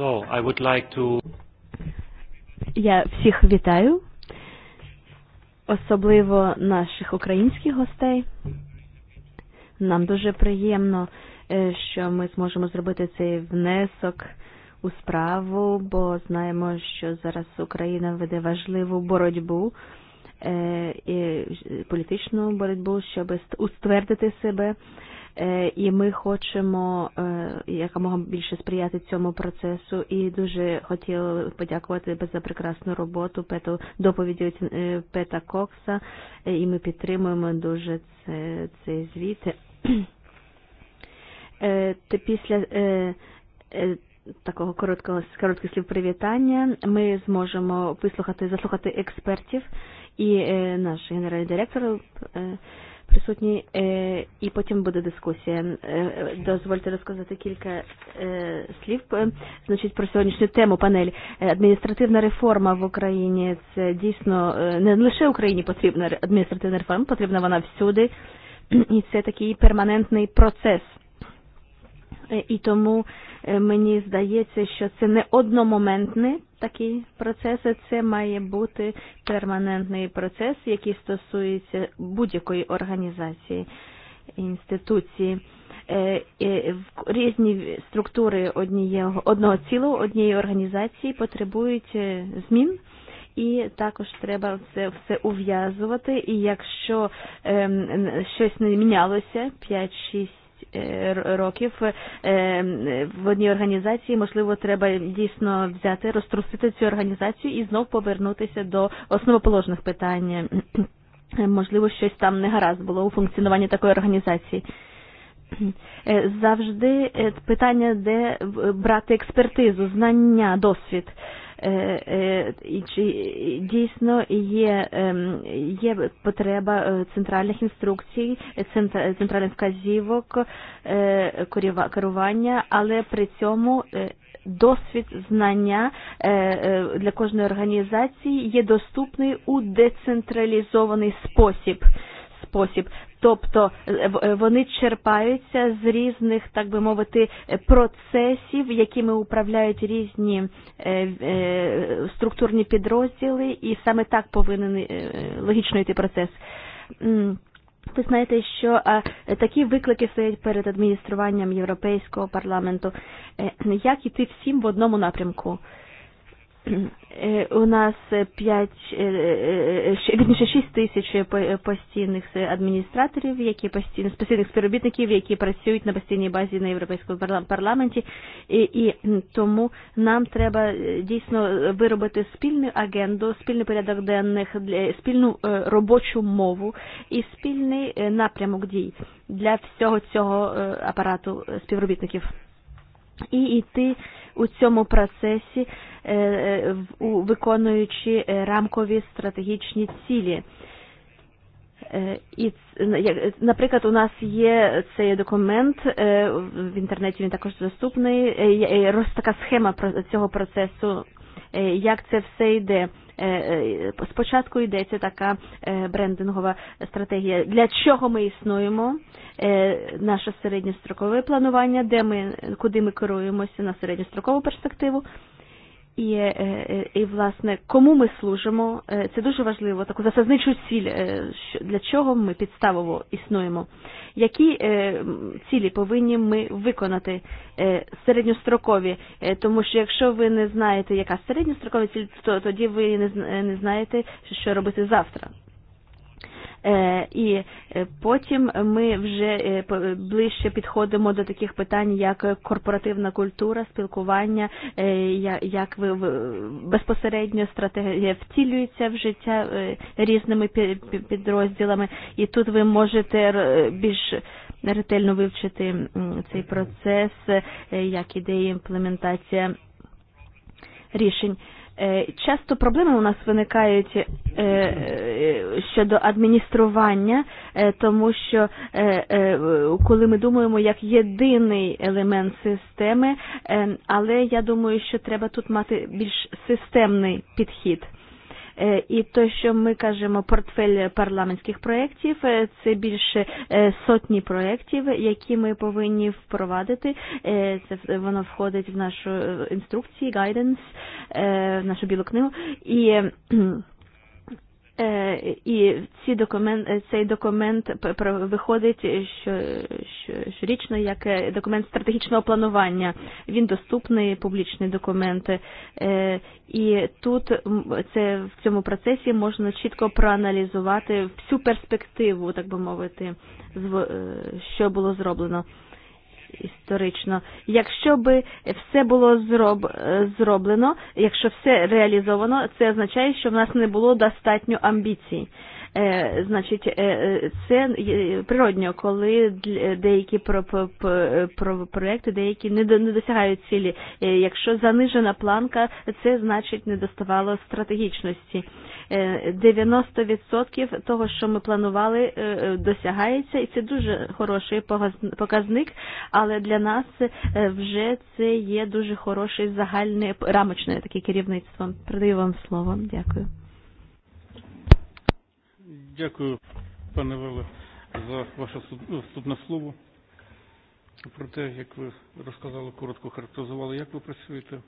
So, I would like to... Я всіх вітаю, особливо наших українських гостей. Нам дуже приємно, що ми зможемо зробити цей внесок у справу, бо знаємо, що зараз Україна веде важливу боротьбу, політичну боротьбу, щоб уствердити себе і ми хочемо якомога більше сприяти цьому процесу. І дуже хотіли подякувати за прекрасну роботу Пету доповіді Пета Кокса. І ми підтримуємо дуже це, цей звіт. Та після такого короткого коротких слів привітання ми зможемо вислухати заслухати експертів і наш генеральний директор присутні і потім буде дискусія. Дозвольте розказати кілька слів. Значить, про сьогоднішню тему панель. Адміністративна реформа в Україні це дійсно не лише Україні потрібна адміністративна реформа, потрібна вона всюди. І це такий перманентний процес – і тому мені здається, що це не одномоментний такий процес, це має бути перманентний процес, який стосується будь-якої організації, інституції. В Різні структури однієго одного цілого однієї організації потребують змін і також треба це все ув'язувати. І якщо ем, щось не мінялося 5-6 років в одній організації, можливо, треба дійсно взяти, розтрусити цю організацію і знов повернутися до основоположних питань. Можливо, щось там не гаразд було у функціонуванні такої організації. Завжди питання, де брати експертизу, знання, досвід чи eh, дійсно eh, є, є потреба центральних інструкцій, центральних вказівок, керування, але при цьому досвід знання для кожної організації є доступний у децентралізований спосіб спосіб тобто вони черпаються з різних, так би мовити, процесів, якими управляють різні структурні підрозділи, і саме так повинен логічно йти процес. Ви знаєте, що такі виклики стоять перед адмініструванням Європейського парламенту. Як іти всім в одному напрямку? Э, у нас п'ять вірніше э, э, шість тисяч постійних адміністраторів, які постійно постійних співробітників, які працюють на постійній базі на європейському парламенті, і, і тому нам треба дійсно виробити спільну агенду, спільний порядок денних спільну робочу мову і спільний напрямок дій для всього цього апарату співробітників і йти у цьому процесі, виконуючи рамкові стратегічні цілі. І, наприклад, у нас є цей документ в інтернеті. Він також доступний. Роз така схема цього процесу, як це все йде спочатку йдеться така брендингова стратегія, для чого ми існуємо, наше середньострокове планування, де ми, куди ми керуємося на середньострокову перспективу, І, і власне, кому ми служимо, це дуже важливо, таку засазничу ціль, для чого ми підставово існуємо. Які цілі повинні ми виконати середньострокові, тому що якщо ви не знаєте, яка середньострокова ціль, то тоді ви не знаєте, що робити завтра. І потім ми вже ближче підходимо до таких питань, як корпоративна культура, спілкування, як ви безпосередньо стратегія втілюється в життя різними підрозділами. І тут ви можете більш ретельно вивчити цей процес, як ідеї імплементація рішень. Часто проблеми у нас виникають щодо адміністрування, тому що коли ми думаємо як єдиний елемент системи, але я думаю, що треба тут мати більш системний підхід. І те, що ми кажемо портфель парламентських проєктів, це більше сотні проєктів, які ми повинні впровадити. Це воно входить в нашу інструкцію, гайденс, в нашу білу книгу. І І ці документ, цей документ виходить щорічно як документ стратегічного планування. Він доступний, публічний документ. І тут це в цьому процесі можна чітко проаналізувати всю перспективу, так би мовити, що було зроблено історично. Якщо би все було зроб, зроблено, якщо все реалізовано, це означає, що в нас не було достатньо амбіцій. Значить, це природньо, коли деякі проекти, деякі не досягають цілі. Якщо занижена планка, це значить не доставало стратегічності. 90% того, що ми планували, досягається, і це дуже хороший показник, але для нас вже це є дуже хороший загальне рамочне таке керівництво. Передаю вам слово. Дякую. Дякую, пане Вале, за ваше вступне слово. Про те, як ви розказали, коротко характеризували, як ви працюєте.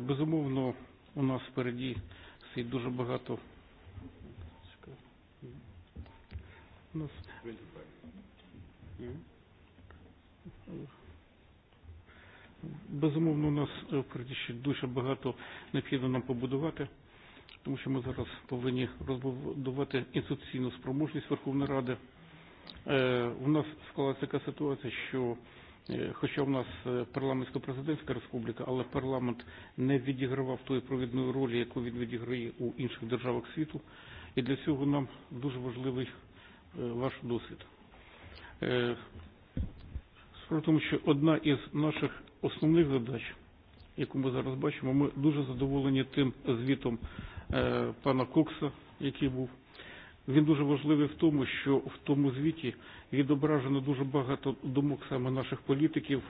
Безумовно, у нас впереді стоїть дуже багато. У нас... Безумовно, у нас впереді ще дуже багато необхідно нам побудувати тому що ми зараз повинні розбудувати інституційну спроможність Верховної Ради. У нас склалася така ситуація, що хоча в нас парламентсько-президентська республіка, але парламент не відігравав тої провідної ролі, яку він відіграє у інших державах світу. І для цього нам дуже важливий ваш досвід. Справа тому, що одна із наших основних задач, яку ми зараз бачимо, ми дуже задоволені тим звітом пана Кокса, який був. Він дуже важливий в тому, що в тому звіті відображено дуже багато думок саме наших політиків,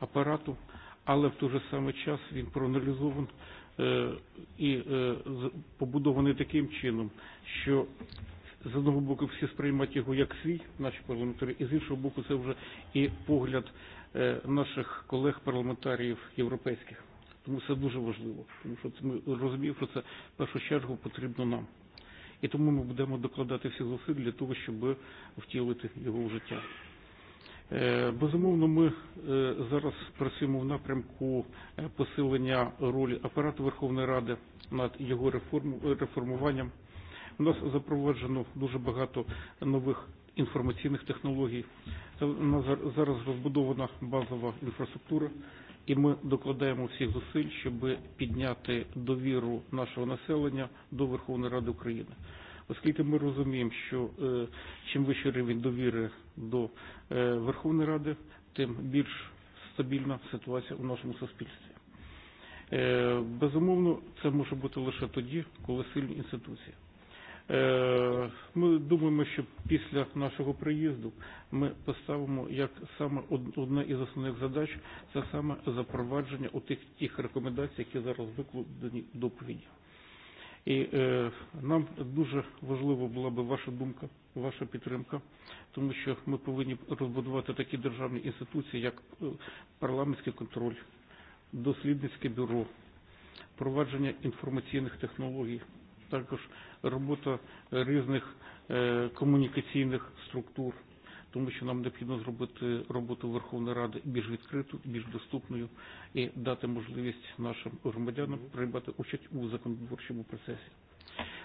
апарату, але в той же самий час він проаналізован і побудований таким чином, що з одного боку всі сприймають його як свій, наші парламентарі, і з іншого боку це вже і погляд наших колег-парламентаріїв європейських. Тому це дуже важливо, тому що ми розуміємо, що це в першу чергу потрібно нам. І тому ми будемо докладати всі зусиль для того, щоб втілити його в життя. Безумовно, ми зараз працюємо в напрямку посилення ролі апарату Верховної Ради над його реформуванням. У нас запроваджено дуже багато нових інформаційних технологій. У нас зараз розбудована базова інфраструктура І ми докладаємо всіх зусиль, щоб підняти довіру нашого населення до Верховної Ради України. Оскільки ми розуміємо, що е, чим вищий рівень довіри до е, Верховної Ради, тим більш стабільна ситуація у нашому суспільстві. Е, безумовно, це може бути лише тоді, коли сильні інституції. Э, ми думаємо, що після нашого приїзду ми поставимо як саме одна із основних задач це саме запровадження у тих, тих рекомендацій, які зараз викладені в доповіді. І е, э, нам дуже важливо була би ваша думка, ваша підтримка, тому що ми повинні розбудувати такі державні інституції, як парламентський контроль, дослідницьке бюро, провадження інформаційних технологій, також робота різних э, комунікаційних структур, тому що нам необхідно зробити э, роботу Верховної Ради більш відкритою, більш доступною і дати можливість нашим громадянам приймати участь у законотворчому процесі.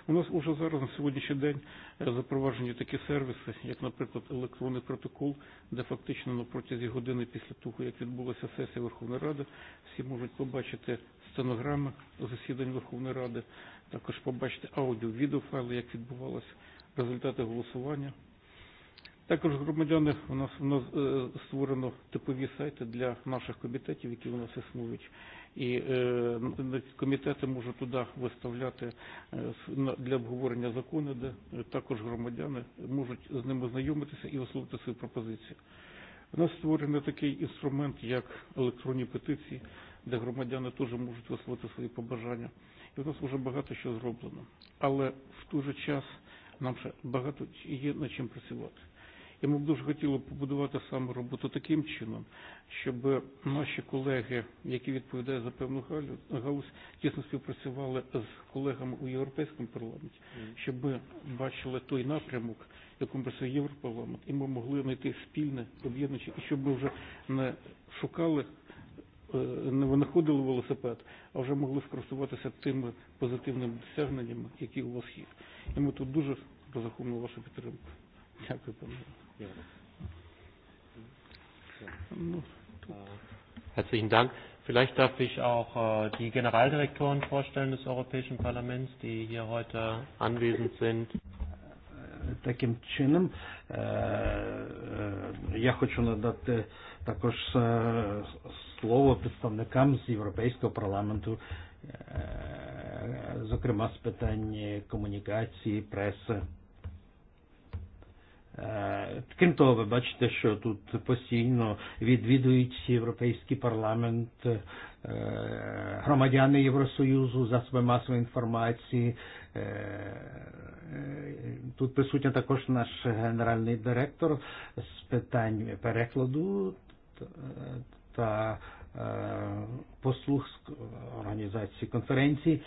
У нас уже зараз на сьогоднішній день э, запроваджені такі сервіси, як, наприклад, електронний протокол, де фактично на протязі години після того, як відбулася сесія Верховної Ради, всі можуть побачити Стенограми засідань Верховної Ради, також побачити аудіо, відеофайли, як відбувалося результати голосування. Також громадяни у нас, у нас створено типові сайти для наших комітетів, які у нас існують. І е, комітети можуть туди виставляти для обговорення закони, де також громадяни можуть з ними знайомитися і висловити свої пропозиції. У нас створений такий інструмент, як електронні петиції, де громадяни теж можуть висловити свої побажання. І в нас вже багато що зроблено. Але в той же час нам ще багато є над чим працювати. І ми б дуже хотіли побудувати саме роботу таким чином, щоб наші колеги, які відповідають за певну галузь, тісно співпрацювали з колегами у Європейському парламенті, щоб ми бачили той напрямок, якому працює Європарламент, і ми могли знайти спільне об'єднання, і щоб ми вже не шукали не винаходили велосипед, а вже могли скористуватися тими позитивними досягненнями, які у вас є. І ми тут дуже розраховуємо вашу підтримку. Дякую, пане. Ну, Herzlichen Dank. Vielleicht darf ich auch äh, die Generaldirektoren vorstellen des Europäischen Parlaments, die hier heute anwesend sind. Таким чином, я хочу надати також слово представникам з Європейського парламенту, зокрема з питань комунікації, преси. Крім того, ви бачите, що тут постійно відвідують Європейський парламент громадяни Євросоюзу, засоби масової інформації. Тут присутня також наш генеральний директор з питань перекладу та послуг організації конференції.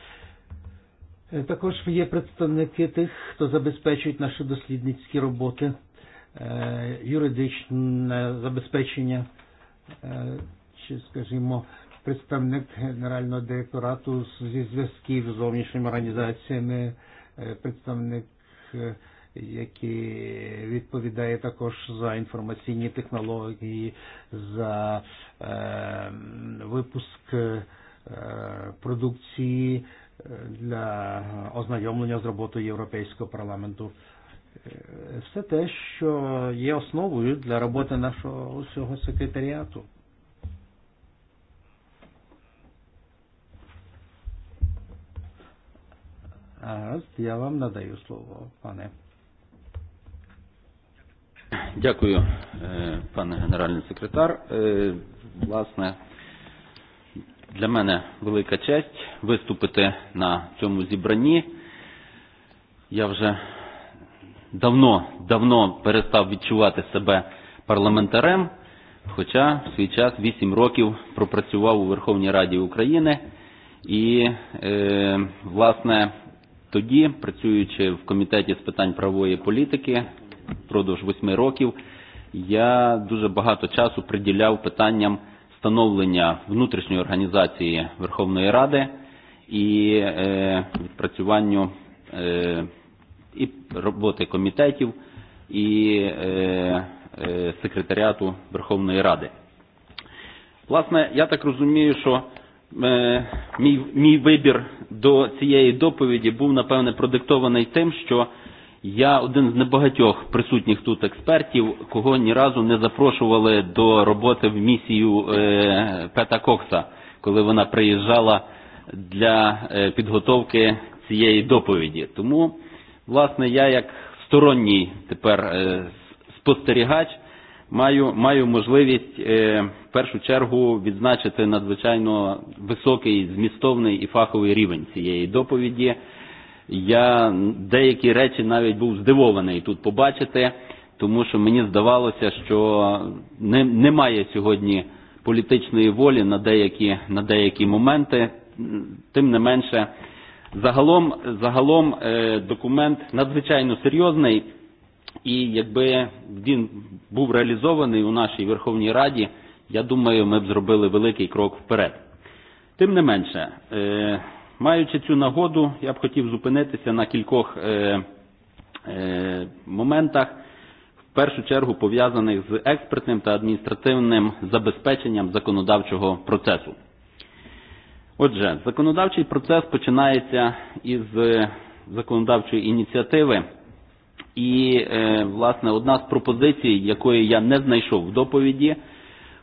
Також є представники тих, хто забезпечують наші дослідницькі роботи, юридичне забезпечення, чи, скажімо, представник Генерального директорату зі зв'язків з зовнішніми організаціями, представник які відповідає також за інформаційні технології, за е, випуск е, продукції для ознайомлення з роботою Європейського парламенту. Все те, що є основою для роботи нашого усього секретаріату. Гаразд, я вам надаю слово, пане. Дякую, пане генеральний секретар. Власне, для мене велика честь виступити на цьому зібранні. Я вже давно, давно перестав відчувати себе парламентарем, хоча в свій час 8 років пропрацював у Верховній Раді України і, е, власне, тоді, працюючи в комітеті з питань правової політики, впродовж восьми років я дуже багато часу приділяв питанням встановлення внутрішньої організації Верховної Ради і е, відпрацюванню е, і роботи комітетів і е, е, секретаріату Верховної Ради. Власне, я так розумію, що е, мій, мій вибір до цієї доповіді був, напевне, продиктований тим, що Я один з небагатьох присутніх тут експертів, кого ні разу не запрошували до роботи в місію е, Пета Кокса, коли вона приїжджала для е, підготовки цієї доповіді. Тому, власне, я як сторонній тепер е, спостерігач маю, маю можливість е, в першу чергу відзначити надзвичайно високий, змістовний і фаховий рівень цієї доповіді – Я деякі речі навіть був здивований тут побачити, тому що мені здавалося, що не, немає сьогодні політичної волі на деякі, на деякі моменти. Тим не менше, загалом, загалом е, документ надзвичайно серйозний, і якби він був реалізований у нашій Верховній Раді, я думаю, ми б зробили великий крок вперед. Тим не менше, е, Маючи цю нагоду, я б хотів зупинитися на кількох е, е, моментах, в першу чергу пов'язаних з експертним та адміністративним забезпеченням законодавчого процесу. Отже, законодавчий процес починається із законодавчої ініціативи, і, е, власне, одна з пропозицій, якої я не знайшов в доповіді,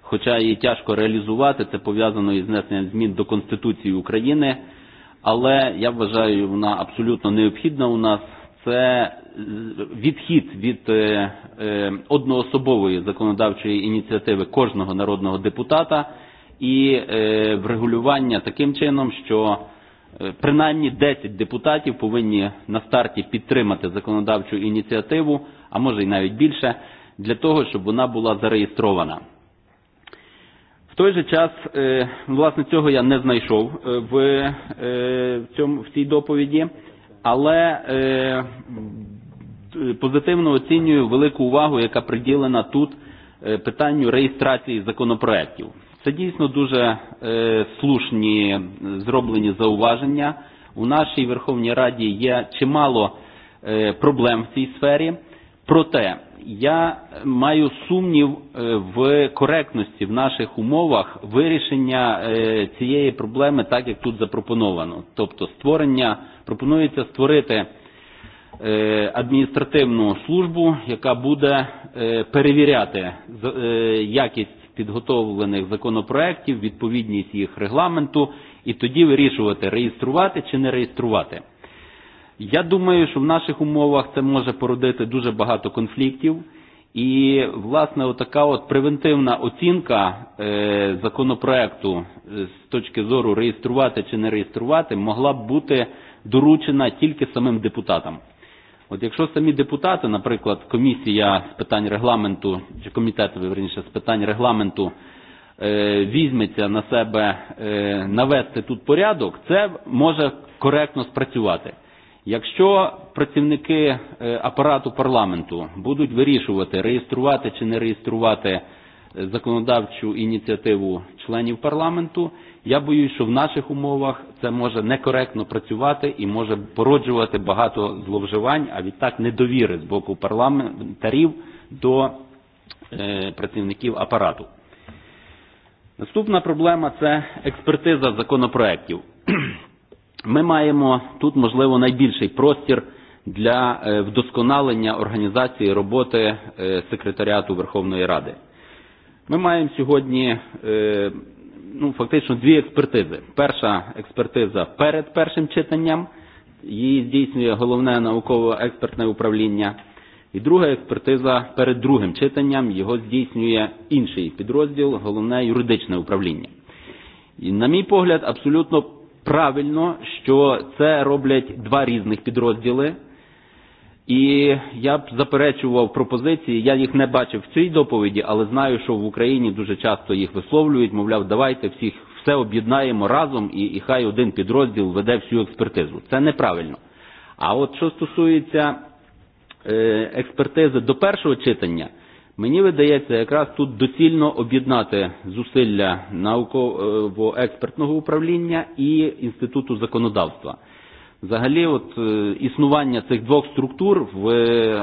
хоча її тяжко реалізувати, це пов'язано із внесенням змін до Конституції України – Але я вважаю, вона абсолютно необхідна у нас. Це відхід від одноособової законодавчої ініціативи кожного народного депутата і врегулювання таким чином, що принаймні 10 депутатів повинні на старті підтримати законодавчу ініціативу, а може і навіть більше, для того, щоб вона була зареєстрована той же час, власне, цього я не знайшов в, цьому, в цій доповіді, але позитивно оцінюю велику увагу, яка приділена тут питанню реєстрації законопроєктів. Це дійсно дуже слушні зроблені зауваження. У нашій Верховній Раді є чимало проблем в цій сфері. Проте я маю сумнів в коректності в наших умовах вирішення цієї проблеми так, як тут запропоновано. Тобто створення, пропонується створити адміністративну службу, яка буде перевіряти якість підготовлених законопроектів, відповідність їх регламенту, і тоді вирішувати, реєструвати чи не реєструвати. Я думаю, що в наших умовах це може породити дуже багато конфліктів. І, власне, отака от превентивна оцінка е, законопроекту з точки зору реєструвати чи не реєструвати могла б бути доручена тільки самим депутатам. От якщо самі депутати, наприклад, комісія з питань регламенту, чи комітет, верніше, з питань регламенту е, візьметься на себе е, навести тут порядок, це може коректно спрацювати. Якщо працівники апарату парламенту будуть вирішувати, реєструвати чи не реєструвати законодавчу ініціативу членів парламенту, я боюсь, що в наших умовах це може некоректно працювати і може породжувати багато зловживань, а відтак недовіри з боку парламентарів до працівників апарату. Наступна проблема – це експертиза законопроєктів. Ми маємо тут, можливо, найбільший простір для вдосконалення організації роботи секретаріату Верховної Ради. Ми маємо сьогодні ну, фактично дві експертизи. Перша експертиза перед першим читанням, її здійснює головне науково-експертне управління. І друга експертиза перед другим читанням, його здійснює інший підрозділ, головне юридичне управління. І, на мій погляд, абсолютно правильно, що це роблять два різних підрозділи. І я б заперечував пропозиції, я їх не бачив в цій доповіді, але знаю, що в Україні дуже часто їх висловлюють, мовляв, давайте всіх все об'єднаємо разом і, і хай один підрозділ веде всю експертизу. Це неправильно. А от що стосується експертизи до першого читання – Мені видається, якраз тут доцільно об'єднати зусилля науково-експертного управління і Інституту законодавства. Взагалі, от існування цих двох структур в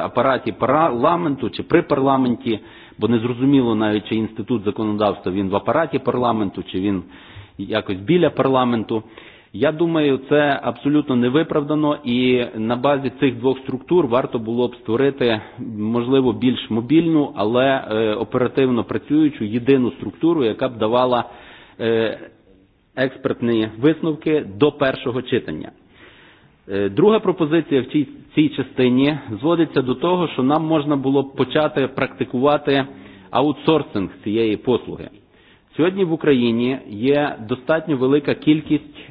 апараті парламенту чи при парламенті, бо не зрозуміло навіть, чи інститут законодавства він в апараті парламенту, чи він якось біля парламенту. Я думаю, це абсолютно не виправдано, і на базі цих двох структур варто було б створити, можливо, більш мобільну, але оперативно працюючу єдину структуру, яка б давала експертні висновки до першого читання. Друга пропозиція в цій, цій частині зводиться до того, що нам можна було б почати практикувати аутсорсинг цієї послуги – Сьогодні в Україні є достатньо велика кількість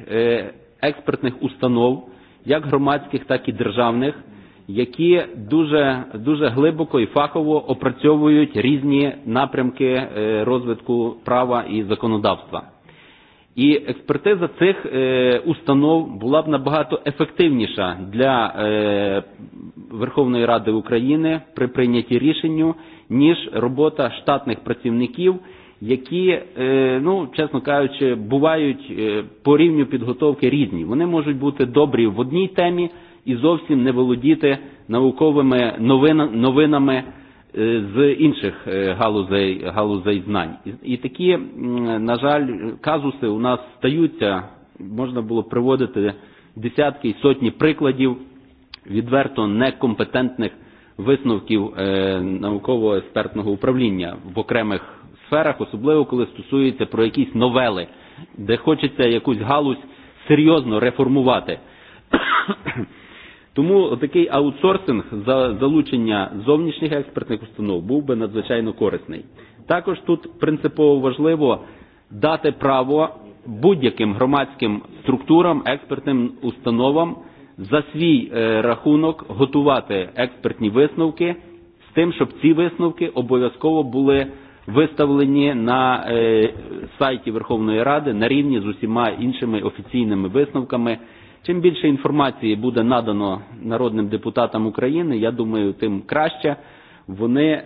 експертних установ, як громадських, так і державних, які дуже, дуже глибоко і фахово опрацьовують різні напрямки розвитку права і законодавства. І експертиза цих установ була б набагато ефективніша для Верховної Ради України при прийнятті рішенню, ніж робота штатних працівників – які, ну, чесно кажучи, бувають по рівню підготовки різні. Вони можуть бути добрі в одній темі і зовсім не володіти науковими новинами з інших галузей, галузей знань. І такі, на жаль, казуси у нас стаються, можна було приводити десятки і сотні прикладів відверто некомпетентних висновків науково-експертного управління в окремих сферах, особливо коли стосується про якісь новели, де хочеться якусь галузь серйозно реформувати. Тому такий аутсорсинг за залучення зовнішніх експертних установ був би надзвичайно корисний. Також тут принципово важливо дати право будь-яким громадським структурам, експертним установам за свій рахунок готувати експертні висновки з тим, щоб ці висновки обов'язково були виставлені на сайті Верховної Ради на рівні з усіма іншими офіційними висновками. Чим більше інформації буде надано народним депутатам України, я думаю, тим краще. Вони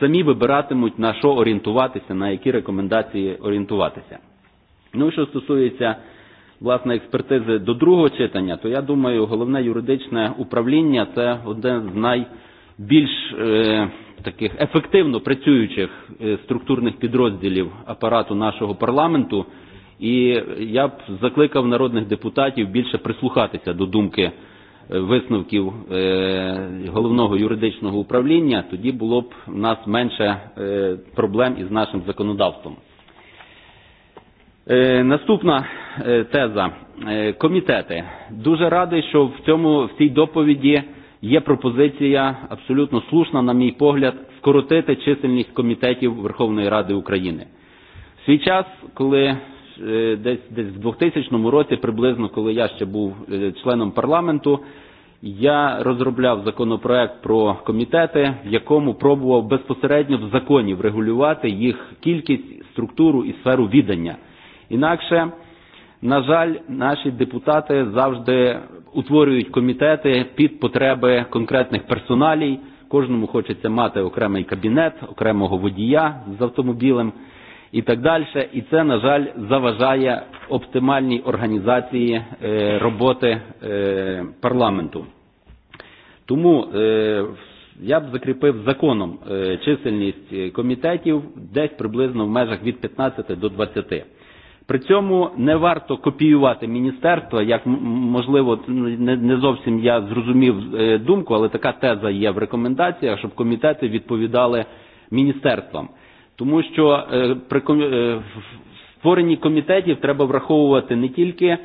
самі вибиратимуть на що орієнтуватися, на які рекомендації орієнтуватися. Ну, що стосується власне експертизи до другого читання, то я думаю, головне юридичне управління це одне з найбільш е, таких ефективно працюючих структурних підрозділів апарату нашого парламенту. І я б закликав народних депутатів більше прислухатися до думки висновків головного юридичного управління, тоді було б в нас менше проблем із нашим законодавством. Наступна теза. Комітети. Дуже радий, що в, цьому, в цій доповіді Є пропозиція абсолютно слушна, на мій погляд, скоротити чисельність комітетів Верховної Ради України. В свій час, коли десь, десь в 2000 році, приблизно, коли я ще був членом парламенту, я розробляв законопроект про комітети, в якому пробував безпосередньо в законі врегулювати їх кількість, структуру і сферу віддання. Інакше, на жаль, наші депутати завжди утворюють комітети під потреби конкретних персоналій. Кожному хочеться мати окремий кабінет, окремого водія з автомобілем і так далі. І це, на жаль, заважає оптимальній організації роботи парламенту. Тому я б закріпив законом чисельність комітетів десь приблизно в межах від 15 до 20. При цьому не варто копіювати міністерство, як можливо не зовсім я зрозумів думку, але така теза є в рекомендаціях, щоб комітети відповідали міністерствам. Тому що при створенні комітетів треба враховувати не тільки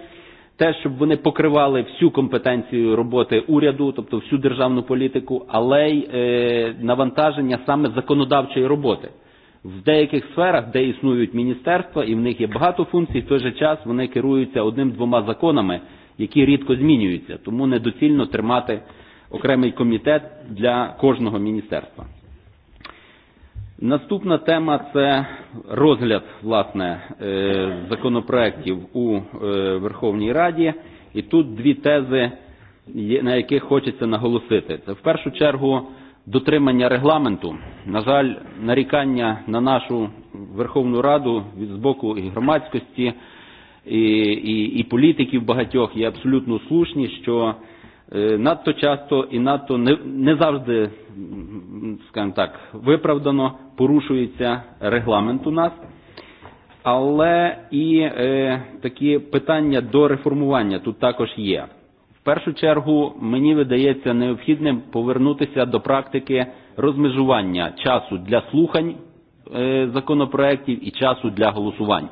те, щоб вони покривали всю компетенцію роботи уряду, тобто всю державну політику, але й навантаження саме законодавчої роботи. В деяких сферах, де існують міністерства, і в них є багато функцій, в той же час вони керуються одним-двома законами, які рідко змінюються, тому недоцільно тримати окремий комітет для кожного міністерства. Наступна тема – це розгляд, власне, законопроєктів у Верховній Раді. І тут дві тези, на яких хочеться наголосити. Це в першу чергу – дотримання регламенту. На жаль, нарікання на нашу Верховну Раду від з боку і громадськості і, і, і політиків багатьох є абсолютно слушні, що надто часто і надто не, не завжди, скажімо так, виправдано порушується регламент у нас. Але і е, такі питання до реформування тут також є першу чергу мені видається необхідним повернутися до практики розмежування часу для слухань законопроєктів і часу для голосувань.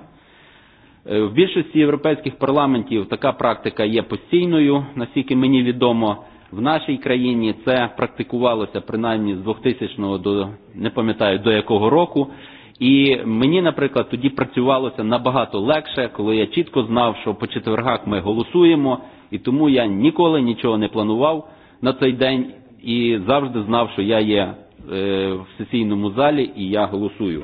В більшості європейських парламентів така практика є постійною, наскільки мені відомо. В нашій країні це практикувалося принаймні з 2000 го до, не пам'ятаю, до якого року. І мені, наприклад, тоді працювалося набагато легше, коли я чітко знав, що по четвергах ми голосуємо, І тому я ніколи нічого не планував на цей день і завжди знав, що я є в сесійному залі і я голосую.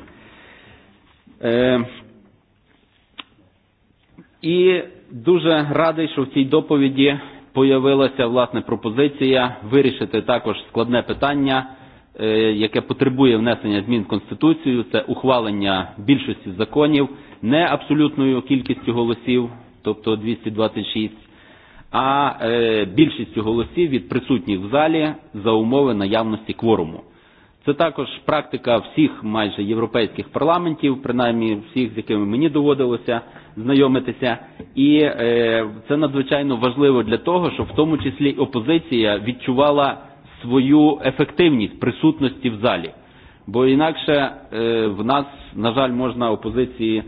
І дуже радий, що в цій доповіді появилася власне пропозиція вирішити також складне питання, яке потребує внесення змін в Конституцію, це ухвалення більшості законів не абсолютною кількістю голосів, тобто 226, а э, більшістю голосів від присутніх в залі за умови наявності кворуму. Це також практика всіх майже європейських парламентів, принаймні всіх, з якими мені доводилося знайомитися. І е, це надзвичайно важливо для того, щоб в тому числі опозиція відчувала свою ефективність присутності в залі. Бо інакше е, в нас, на жаль, можна опозиції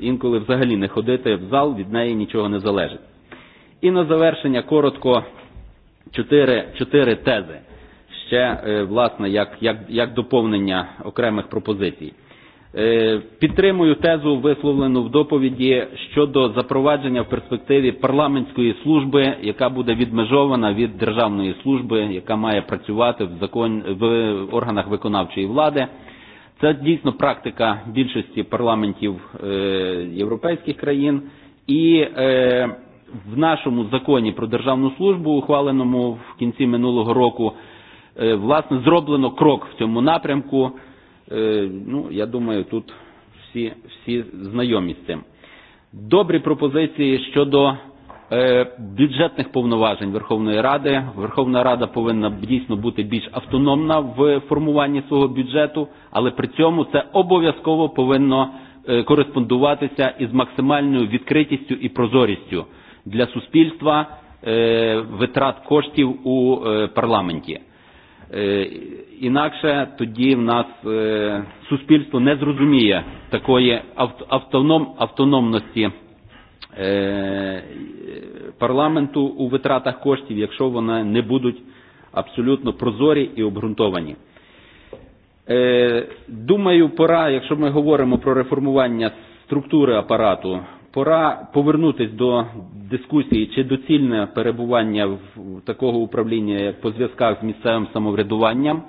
інколи взагалі не ходити в зал, від неї нічого не залежить. І на завершення коротко чотири, чотири тези, ще, власне, як, як, як доповнення окремих пропозицій. Підтримую тезу, висловлену в доповіді щодо запровадження в перспективі парламентської служби, яка буде відмежована від державної служби, яка має працювати в, закон... в органах виконавчої влади. Це дійсно практика більшості парламентів європейських країн. І в нашому законі про державну службу, ухваленому в кінці минулого року, власне, зроблено крок в цьому напрямку. Ну, я думаю, тут всі, всі знайомі з цим. Добрі пропозиції щодо бюджетних повноважень Верховної Ради. Верховна Рада повинна дійсно бути більш автономна в формуванні свого бюджету, але при цьому це обов'язково повинно кореспондуватися із максимальною відкритістю і прозорістю для суспільства витрат коштів у парламенті. Інакше тоді в нас суспільство не зрозуміє такої автоном, автономності парламенту у витратах коштів, якщо вони не будуть абсолютно прозорі і обґрунтовані. Думаю, пора, якщо ми говоримо про реформування структури апарату Пора повернутися до дискусії, чи доцільне перебування в такого управління як по зв'язках з місцевим самоврядуванням.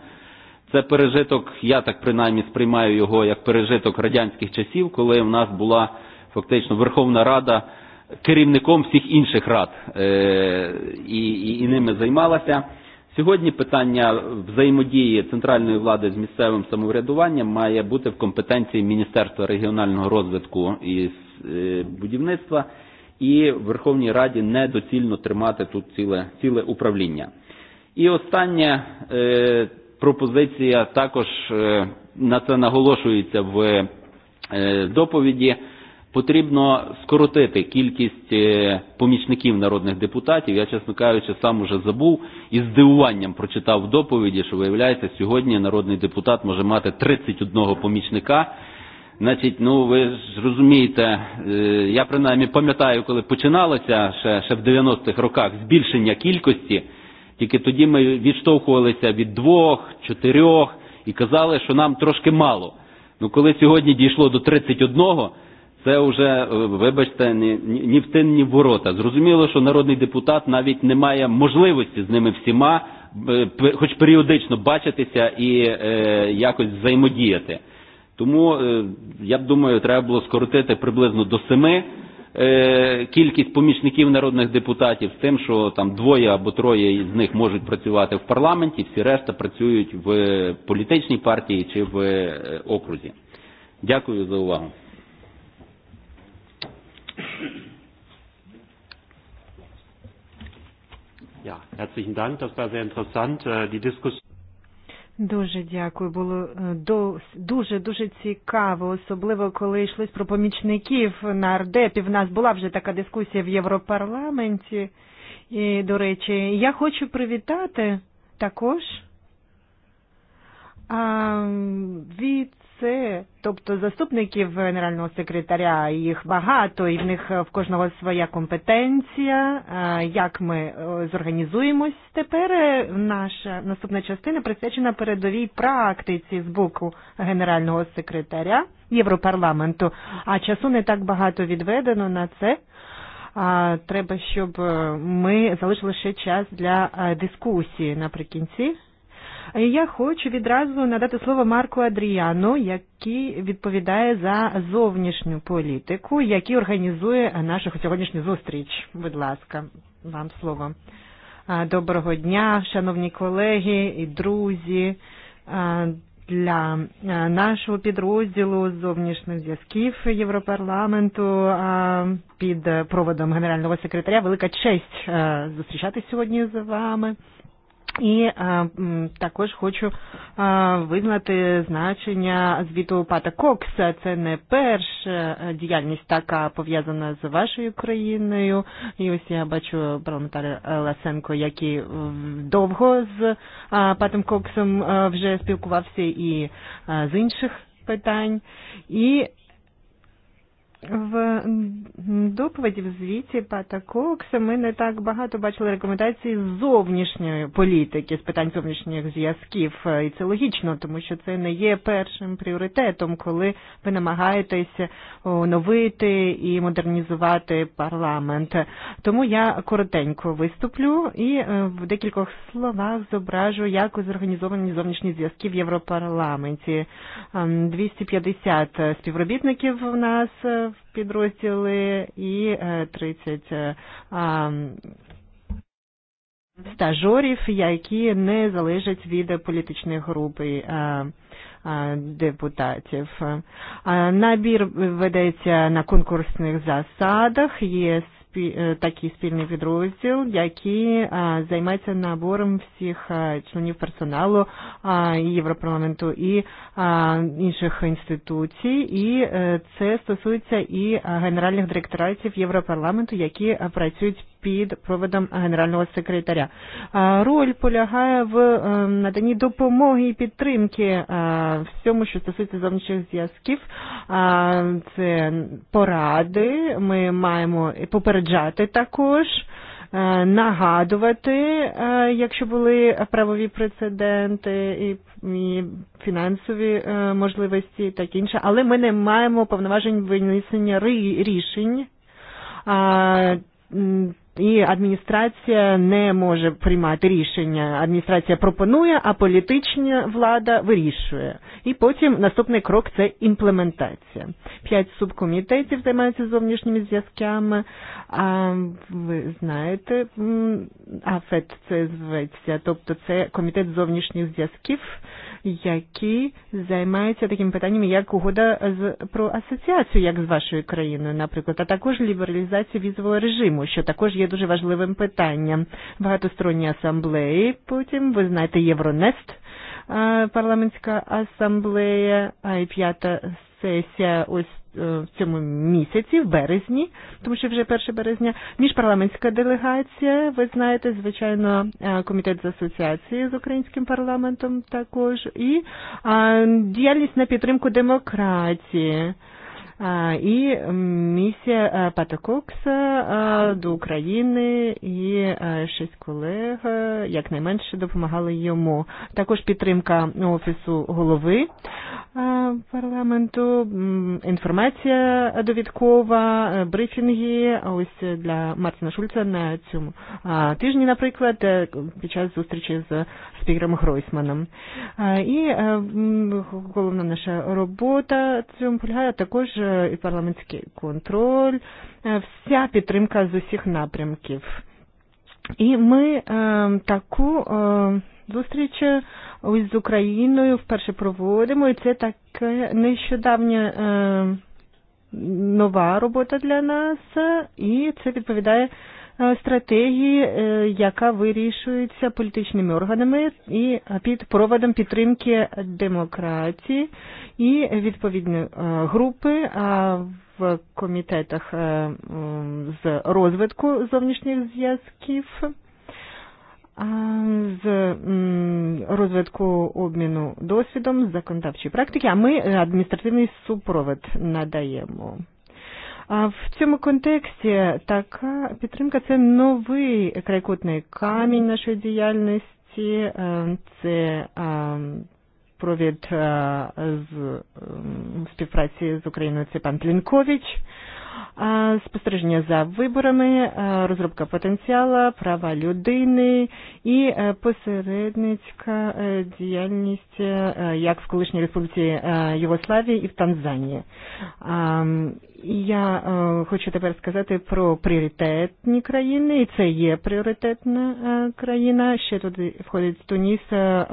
Це пережиток, я так принаймні сприймаю його як пережиток радянських часів, коли в нас була фактично Верховна Рада керівником всіх інших рад е, і, і, і ними займалася. Сьогодні питання взаємодії центральної влади з місцевим самоврядуванням має бути в компетенції Міністерства регіонального розвитку і будівництва, і в Верховній Раді недоцільно тримати тут ціле, ціле управління. І остання е, пропозиція також е, на це наголошується в е, доповіді. Потрібно скоротити кількість помічників народних депутатів. Я, чесно кажучи, сам уже забув і здивуванням прочитав в доповіді, що виявляється, сьогодні народний депутат може мати 31 помічника Значить, ну ви ж розумієте, я принаймні пам'ятаю, коли починалося ще, ще в 90-х роках збільшення кількості, тільки тоді ми відштовхувалися від двох, чотирьох і казали, що нам трошки мало. Ну коли сьогодні дійшло до 31, це вже, вибачте, ні, ні в тин, ні в ворота. Зрозуміло, що народний депутат навіть не має можливості з ними всіма, хоч періодично бачитися і е, якось взаємодіяти. Тому, я б думаю, треба було скоротити приблизно до семи кількість помічників народних депутатів з тим, що там двоє або троє з них можуть працювати в парламенті, всі решта працюють в політичній партії чи в окрузі. Дякую за увагу. Ja, herzlichen Dank. Das war sehr interessant. Äh, die Diskussion Дуже дякую. Було дуже дуже цікаво, особливо коли йшлось про помічників на ардепі. В нас була вже така дискусія в Європарламенті. І, до речі, я хочу привітати також а, від це, тобто заступників генерального секретаря, їх багато, і в них в кожного своя компетенція. Як ми зорганізуємось тепер? Наша наступна частина присвячена передовій практиці з боку генерального секретаря Європарламенту. А часу не так багато відведено на це. А треба, щоб ми залишили ще час для дискусії наприкінці. Я хочу відразу надати слово Марку Адріану, який відповідає за зовнішню політику, який організує нашу сьогоднішню зустріч. Будь ласка, вам слово. Доброго дня, шановні колеги і друзі. Для нашого підрозділу зовнішніх зв'язків Європарламенту під проводом генерального секретаря велика честь зустрічатися сьогодні з вами І а, також хочу а, визнати значення звіту Пата Кокса. Це не перша діяльність така пов'язана з вашою країною. І ось я бачу парламентар Ласенко, який довго з а, Патом Коксом а, вже спілкувався і а, з інших питань. І В доповіді в звіті Пата Кокса ми не так багато бачили рекомендацій зовнішньої політики з питань зовнішніх зв'язків. І це логічно, тому що це не є першим пріоритетом, коли ви намагаєтесь оновити і модернізувати парламент. Тому я коротенько виступлю і в декількох словах зображу, як зорганізовані зовнішні зв'язки в Європарламенті. 250 співробітників у нас підрозділи і 30 стажорів, які не залежать від політичних груп і депутатів. Набір ведеться на конкурсних засадах, є такий спільний підрозділ, які займаються набором всіх членів персоналу Європарламенту і інших інституцій, і це стосується і генеральних директоратів Європарламенту, які працюють під проводом Генерального секретаря. Роль полягає в наданні допомоги і підтримки всьому, що стосується зовнішніх зв'язків. Це поради, ми маємо попереджати також нагадувати, якщо були правові прецеденти і, і фінансові можливості, так інше, але ми не маємо повноважень винесення рішень І адміністрація не може приймати рішення. Адміністрація пропонує, а політична влада вирішує. І потім наступний крок це імплементація. П'ять субкомітетів займаються зовнішніми зв'язками. А ви знаєте, АФЕТ це зветься, тобто це комітет зовнішніх зв'язків які займаються таким питанням, як угода з про асоціацію, як з вашою країною, наприклад, а також лібералізація візового режиму, що також є дуже важливим питанням. Багатосторонні асамблеї, потім ви знаєте Євронест, парламентська асамблея, а й п'ята сесія ось в e, цьому місяці, в березні, тому що вже 1 березня, міжпарламентська делегація, ви знаєте, звичайно, комітет з асоціації з українським парламентом також, і діяльність на підтримку демократії и миссия Патакокс Кокса до України і шість колег якнайменше допомагали йому. Також підтримка офісу голови парламенту, інформація довідкова, брифінги ось для Мартина Шульца на цьому тижні, наприклад, під час зустрічі з с Пітером Гройсманом. І э, головна наша робота цьому полягає також і парламентський контроль, вся підтримка з усіх напрямків. І ми таку зустріч з Україною вперше проводимо, і це таке нещодавнє нова робота для нас, і це відповідає стратегії, яка вирішується політичними органами і під проводом підтримки демократії і відповідної групи в комітетах з розвитку зовнішніх зв'язків з розвитку обміну досвідом законодавчої практики, а ми адміністративний супровід надаємо. А В цьому контексті така підтримка це новий крайкутний камінь нашої діяльності, це провід з співпраці з Україною це пан Плінкович спостереження за виборами, розробка потенціалу, права людини і посередницька діяльність як в колишній республіці Єгославії і в Танзанії. Я хочу тепер сказати про пріоритетні країни, і це є пріоритетна країна. Ще туди входить Туніс,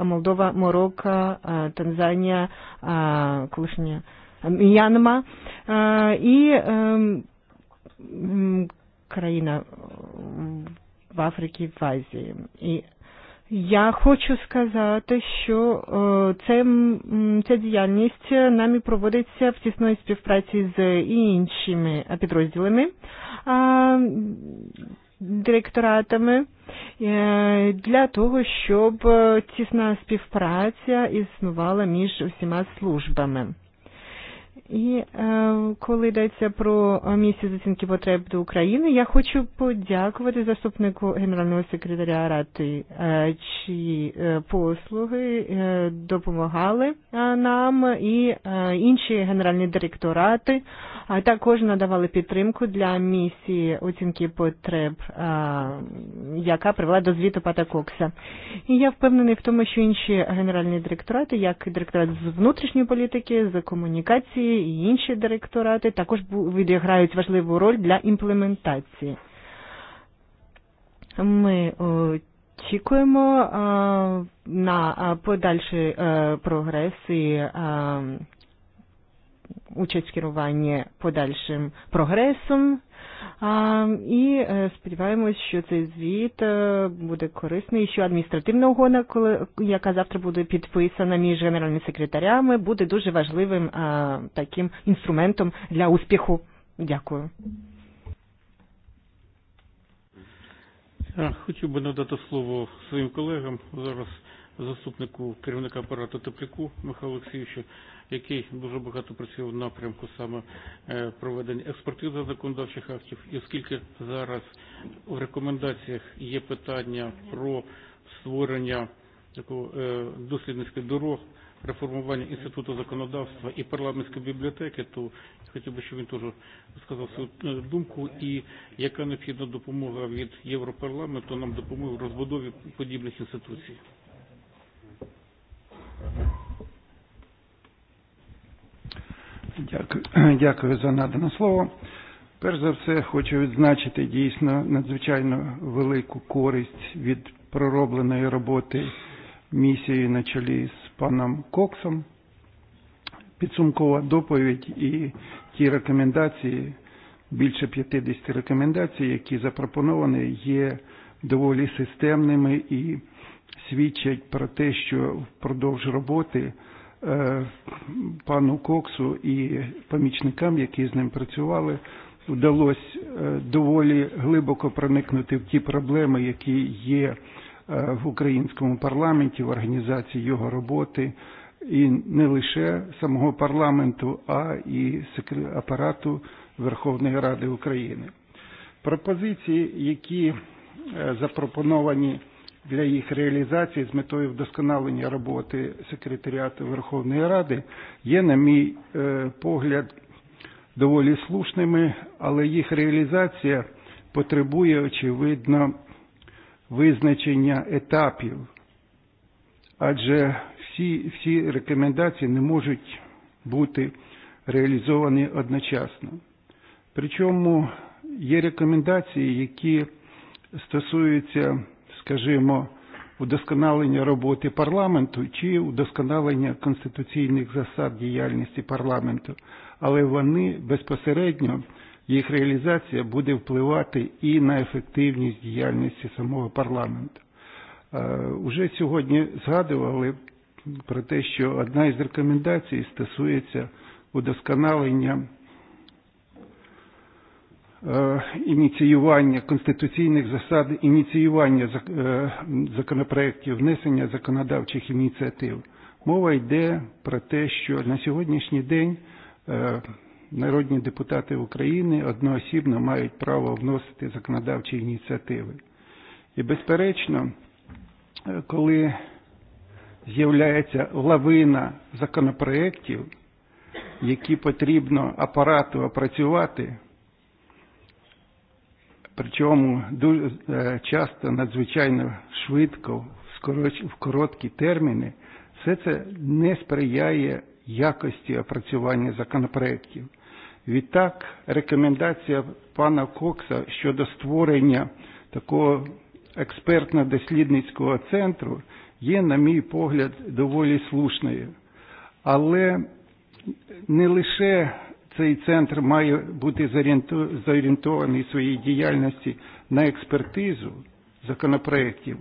Молдова, Марокко, Танзанія, колишня Мьянма и країна в Африці, в Азії. І я хочу сказати, що э, це, ця діяльність нами проводиться в тісної співпраці з іншими підрозділами, директоратами для того, щоб тісна співпраця існувала між усіма службами. І коли йдеться про місію з оцінки потреб до України, я хочу подякувати заступнику генерального секретаря Ради, чиї послуги допомагали нам і інші генеральні директорати також надавали підтримку для місії оцінки потреб, яка привела до звіту Пата Кокса. І я впевнений в тому, що інші генеральні директорати, як директорат з внутрішньої політики, з комунікації і інші директорати також відіграють важливу роль для імплементації. Ми очікуємо на подальший прогрес і участь керування подальшим прогресом. А, і сподіваємось, що цей звіт буде корисний. І що адміністративна угода, коли, яка завтра буде підписана між генеральними секретарями, буде дуже важливим а, таким інструментом для успіху. Дякую. Я хотів би надати слово своїм колегам зараз заступнику керівника апарату Тепляку Михайлу Олексійовичу, який дуже багато працював в напрямку саме проведення експертизи законодавчих актів. І оскільки зараз в рекомендаціях є питання про створення такого дослідницьких дорог, реформування Інституту законодавства і парламентської бібліотеки, то хотів би, щоб він теж сказав свою думку і яка необхідна допомога від Європарламенту нам допомогу в розбудові подібних інституцій. Дякую. Дякую за надане слово. Перш за все, хочу відзначити дійсно надзвичайно велику користь від проробленої роботи місії на чолі з паном Коксом. Підсумкова доповідь і ті рекомендації, більше 50 рекомендацій, які запропоновані, є доволі системними і свідчать про те, що впродовж роботи – пану Коксу і помічникам, які з ним працювали, вдалося доволі глибоко проникнути в ті проблеми, які є в українському парламенті, в організації його роботи, і не лише самого парламенту, а і апарату Верховної Ради України. Пропозиції, які запропоновані для їх реалізації з метою вдосконалення роботи секретаріату Верховної Ради є, на мій погляд, доволі слушними, але їх реалізація потребує, очевидно, визначення етапів. Адже всі, всі рекомендації не можуть бути реалізовані одночасно. Причому є рекомендації, які стосуються скажімо, удосконалення роботи парламенту чи удосконалення конституційних засад діяльності парламенту, але вони безпосередньо їх реалізація буде впливати і на ефективність діяльності самого парламенту. Уже сьогодні згадували про те, що одна із рекомендацій стосується удосконалення ініціювання э, конституційних засад, ініціювання э, законопроєктів, внесення законодавчих ініціатив. Мова йде про те, що на сьогоднішній день народні депутати України одноосібно мають право вносити законодавчі ініціативи. І безперечно, коли з'являється лавина законопроєктів, які потрібно апарату опрацювати, причому дуже часто надзвичайно швидко, в короткі терміни, все це не сприяє якості опрацювання законопроєктів. Відтак, рекомендація пана Кокса щодо створення такого експертно-дослідницького центру є, на мій погляд, доволі слушною. Але не лише цей центр має бути зорієнтований своїй діяльності на експертизу законопроєктів,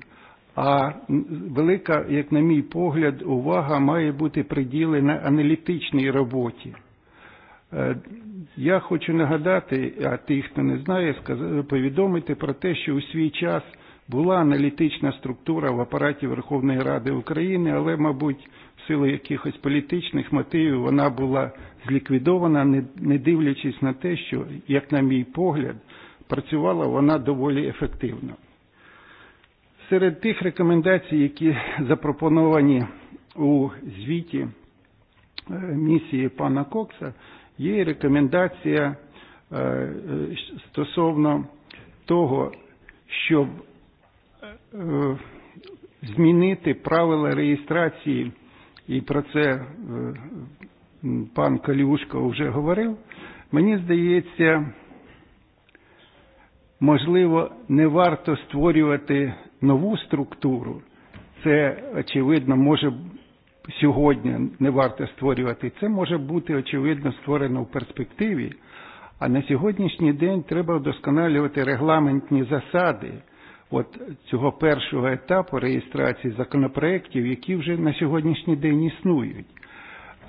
а велика, як на мій погляд, увага має бути приділена аналітичній роботі. Я хочу нагадати, а тих, хто не знає, повідомити про те, що у свій час була аналітична структура в апараті Верховної Ради України, але, мабуть, в силу якихось політичних мотивів вона була зліквідована, не дивлячись на те, що, як на мій погляд, працювала вона доволі ефективно. Серед тих рекомендацій, які запропоновані у звіті місії пана Кокса, є рекомендація стосовно того, щоб змінити правила реєстрації, і про це пан Каліушка вже говорив, мені здається, можливо, не варто створювати нову структуру. Це, очевидно, може сьогодні не варто створювати. Це може бути, очевидно, створено в перспективі. А на сьогоднішній день треба вдосконалювати регламентні засади от цього першого етапу реєстрації законопроєктів, які вже на сьогоднішній день існують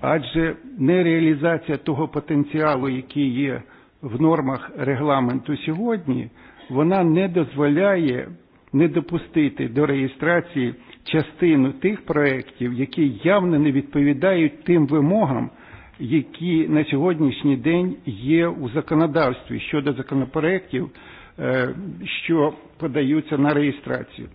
адже нереалізація того потенціалу, який є в нормах регламенту сьогодні, вона не дозволяє не допустити до реєстрації частину тих проєктів, які явно не відповідають тим вимогам, які на сьогоднішній день є у законодавстві щодо законопроєктів, що подаються на реєстрацію.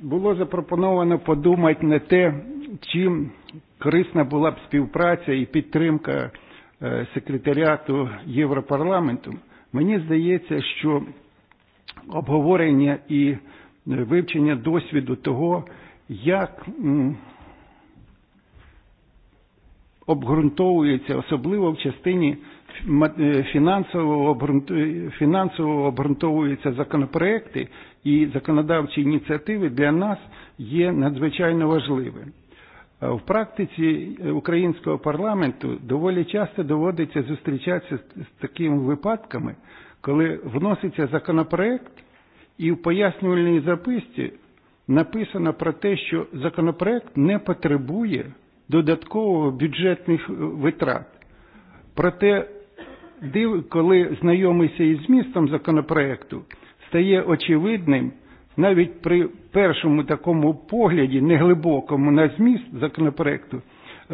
Було запропоновано подумати на те, чим корисна була б співпраця і підтримка секретаріату Європарламенту. Мені здається, що обговорення і вивчення досвіду того, як обґрунтовується, особливо в частині фінансово, обґрунтовуються законопроекти і законодавчі ініціативи для нас є надзвичайно важливим. В практиці українського парламенту доволі часто доводиться зустрічатися з такими випадками, коли вноситься законопроект, і в пояснювальній записці написано про те, що законопроект не потребує додаткового бюджетних витрат. Проте, коли знакомишься із местом законопроекту, стає очевидним, Навіть при першому такому погляді, неглибокому на зміст законопроекту,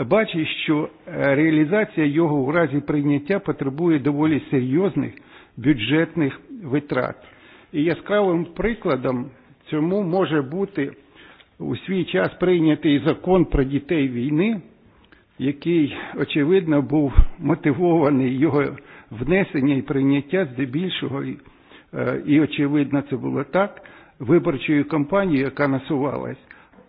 бачить, що реалізація його у разі прийняття потребує доволі серйозних бюджетних витрат. І яскравим прикладом цьому може бути у свій час прийнятий закон про дітей війни, який, очевидно, був мотивований його внесення і прийняття здебільшого, і, очевидно, це було так – виборчої кампанії, яка насувалась,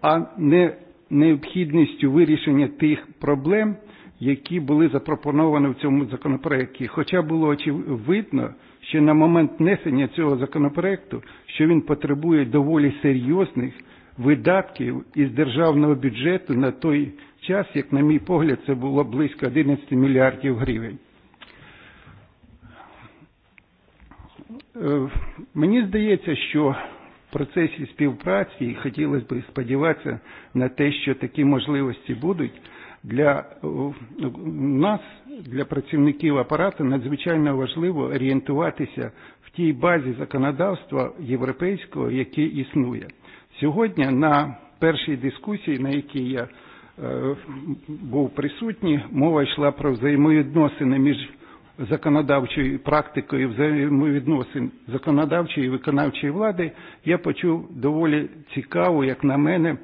а не необхідністю вирішення тих проблем, які були запропоновані в цьому законопроекті. Хоча було очевидно, що на момент внесення цього законопроекту, що він потребує доволі серйозних видатків із державного бюджету на той час, як на мій погляд, це було близько 11 мільярдів гривень. Мені здається, що процесі співпраці, і хотілося б сподіватися на те, що такі можливості будуть. Для нас, для працівників апарату, надзвичайно важливо орієнтуватися в тій базі законодавства європейського, яке існує. Сьогодні на першій дискусії, на якій я був присутній, мова йшла про взаємовідносини між законодавчою практикою взаємовідносин законодавчої і виконавчої влади, я почув доволі цікаву, як на мене,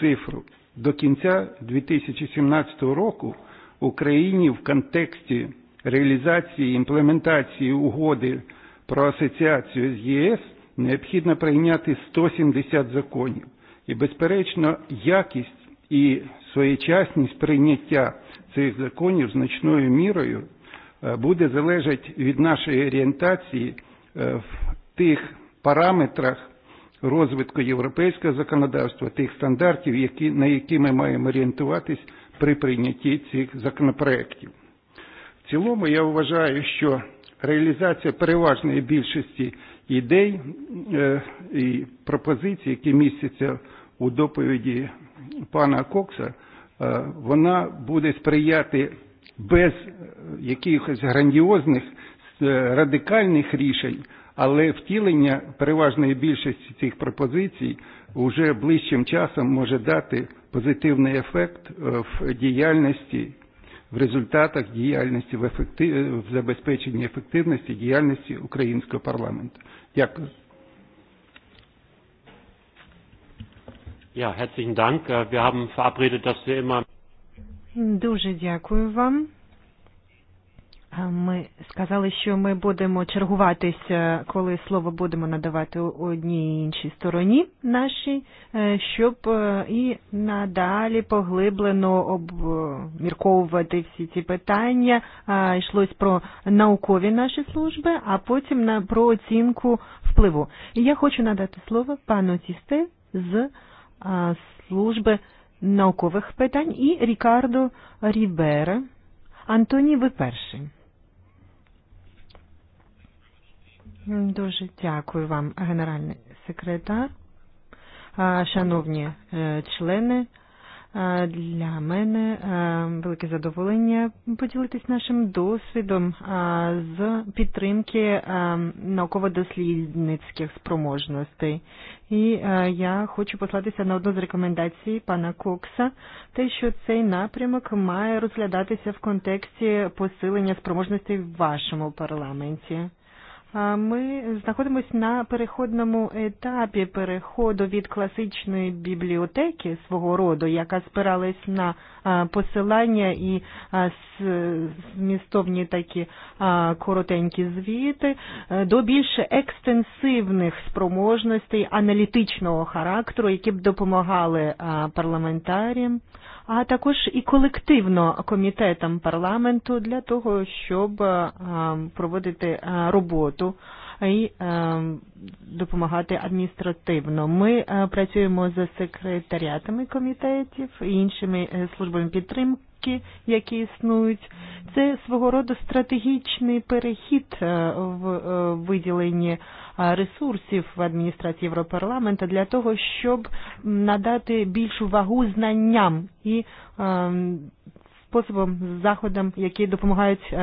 цифру. До кінця 2017 року в Україні в контексті реалізації і імплементації угоди про асоціацію з ЄС необхідно прийняти 170 законів. І, безперечно, якість і своєчасність прийняття цих законів значною мірою Э, буде залежати від нашої орієнтації в тих параметрах розвитку європейського законодавства, тих стандартів, які, на які ми маємо орієнтуватись при прийнятті цих законопроєктів. В цілому я вважаю, що реалізація переважної більшості ідей е, і пропозицій, які містяться у доповіді пана Кокса, е, вона буде сприяти без якихось грандіозних радикальних рішень, але втілення переважної більшості цих пропозицій уже ближчим часом може дати позитивний ефект в діяльності, в результатах діяльності, в, ефектив... в забезпеченні ефективності діяльності українського парламенту. Дякую. Ja, herzlichen Dank. Äh, wir haben verabredet, dass wir immer Дуже дякую вам. Ми сказали, що ми будемо чергуватися, коли слово будемо надавати одній і іншій стороні нашій, щоб і надалі поглиблено обмірковувати всі ці питання. Йшлось про наукові наші служби, а потім на про оцінку впливу. І я хочу надати слово пану Тісте з служби наукових питань і Рікардо Рібера. Антоні, ви перший. Дуже дякую вам, генеральний секретар. Шановні члени Для мене велике задоволення поділитись нашим досвідом з підтримки науково-дослідницьких спроможностей. І я хочу послатися на одну з рекомендацій пана Кокса, те, що цей напрямок має розглядатися в контексті посилення спроможностей в вашому парламенті. Ми знаходимося на переходному етапі переходу від класичної бібліотеки свого роду, яка спиралась на посилання і змістовні такі коротенькі звіти, до більш екстенсивних спроможностей аналітичного характеру, які б допомагали парламентаріям а також і колективно комітетам парламенту для того, щоб проводити роботу і допомагати адміністративно. Ми працюємо за секретаріатами комітетів і іншими службами підтримки які існують. Це свого роду стратегічний перехід в виділенні ресурсів в адміністрації Європарламенту для того, щоб надати більшу вагу знанням і способом, заходам, які допомагають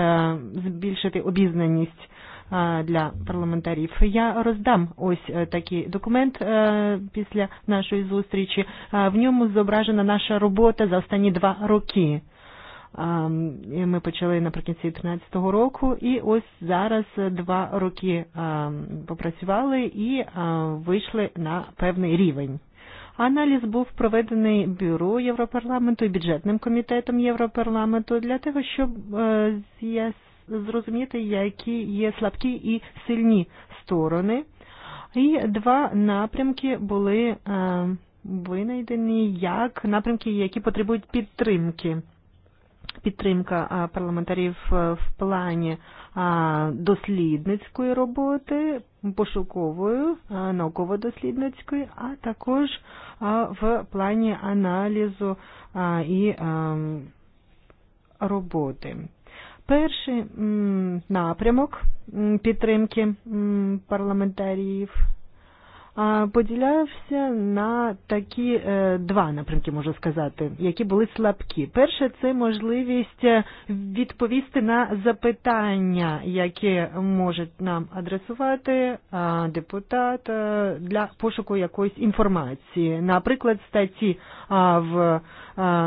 збільшити обізнаність для парламентарів. Я роздам ось э, такий документ э, після нашої зустрічі. В ньому зображена наша робота за останні два роки. Ми почали наприкінці 13 року, і ось зараз два роки попрацювали і вийшли на певний рівень. Аналіз був проведений бюро Європарламенту і бюджетним комітетом Європарламенту для того, щоб зрозуміти, які є слабкі і сильні сторони. І два напрямки були винайдені як напрямки, які потребують підтримки. Підтримка парламентарів в плані дослідницької роботи, пошукової, науково-дослідницької, а також в плані аналізу і роботи. Перший напрямок підтримки парламентаріїв поділявся на такі два напрямки, можу сказати, які були слабкі. Перше це можливість відповісти на запитання, які можуть нам адресувати депутат для пошуку якоїсь інформації, наприклад, статті в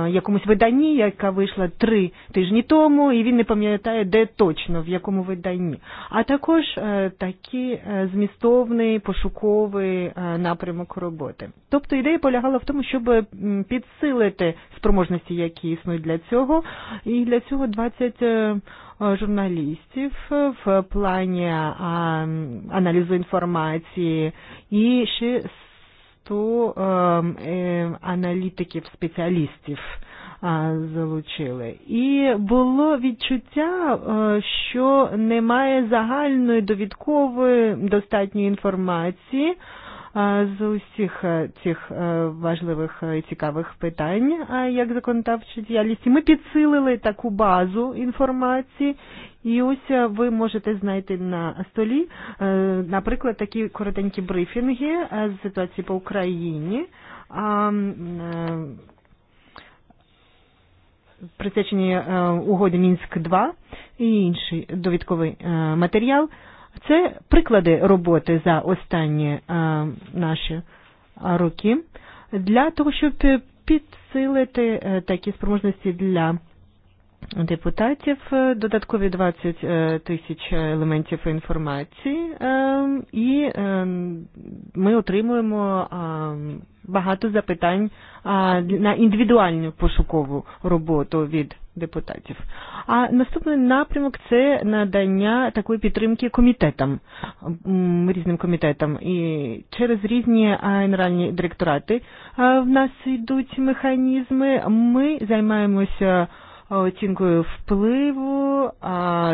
якомусь виданні, яка вийшла три тижні тому, і він не пам'ятає, де точно, в якому виданні. А також такий змістовний пошуковий напрямок роботи. Тобто ідея полягала в тому, щоб підсилити спроможності, які існують для цього, і для цього 20 журналістів в плані аналізу інформації і ще 100 аналітиків-спеціалістів залучили. І було відчуття, що немає загальної довідкової достатньої інформації з усіх цих важливих і цікавих питань, як законодавчі діяльності. Ми підсилили таку базу інформації І ось ви можете знайти на столі, э, наприклад, такі коротенькі брифінги з ситуації по Україні, э, присвячені э, угоді Мінськ-2 і інший довідковий матеріал. Це приклади роботи за останні наші роки для того, щоб підсилити такі спроможності для депутатів, додаткові 20 тисяч елементів інформації, і ми отримуємо багато запитань на індивідуальну пошукову роботу від депутатів. А наступний напрямок це надання такої підтримки комітетам, різним комітетам. І через різні генеральні директорати в нас йдуть механізми. Ми займаємося оцінкою впливу,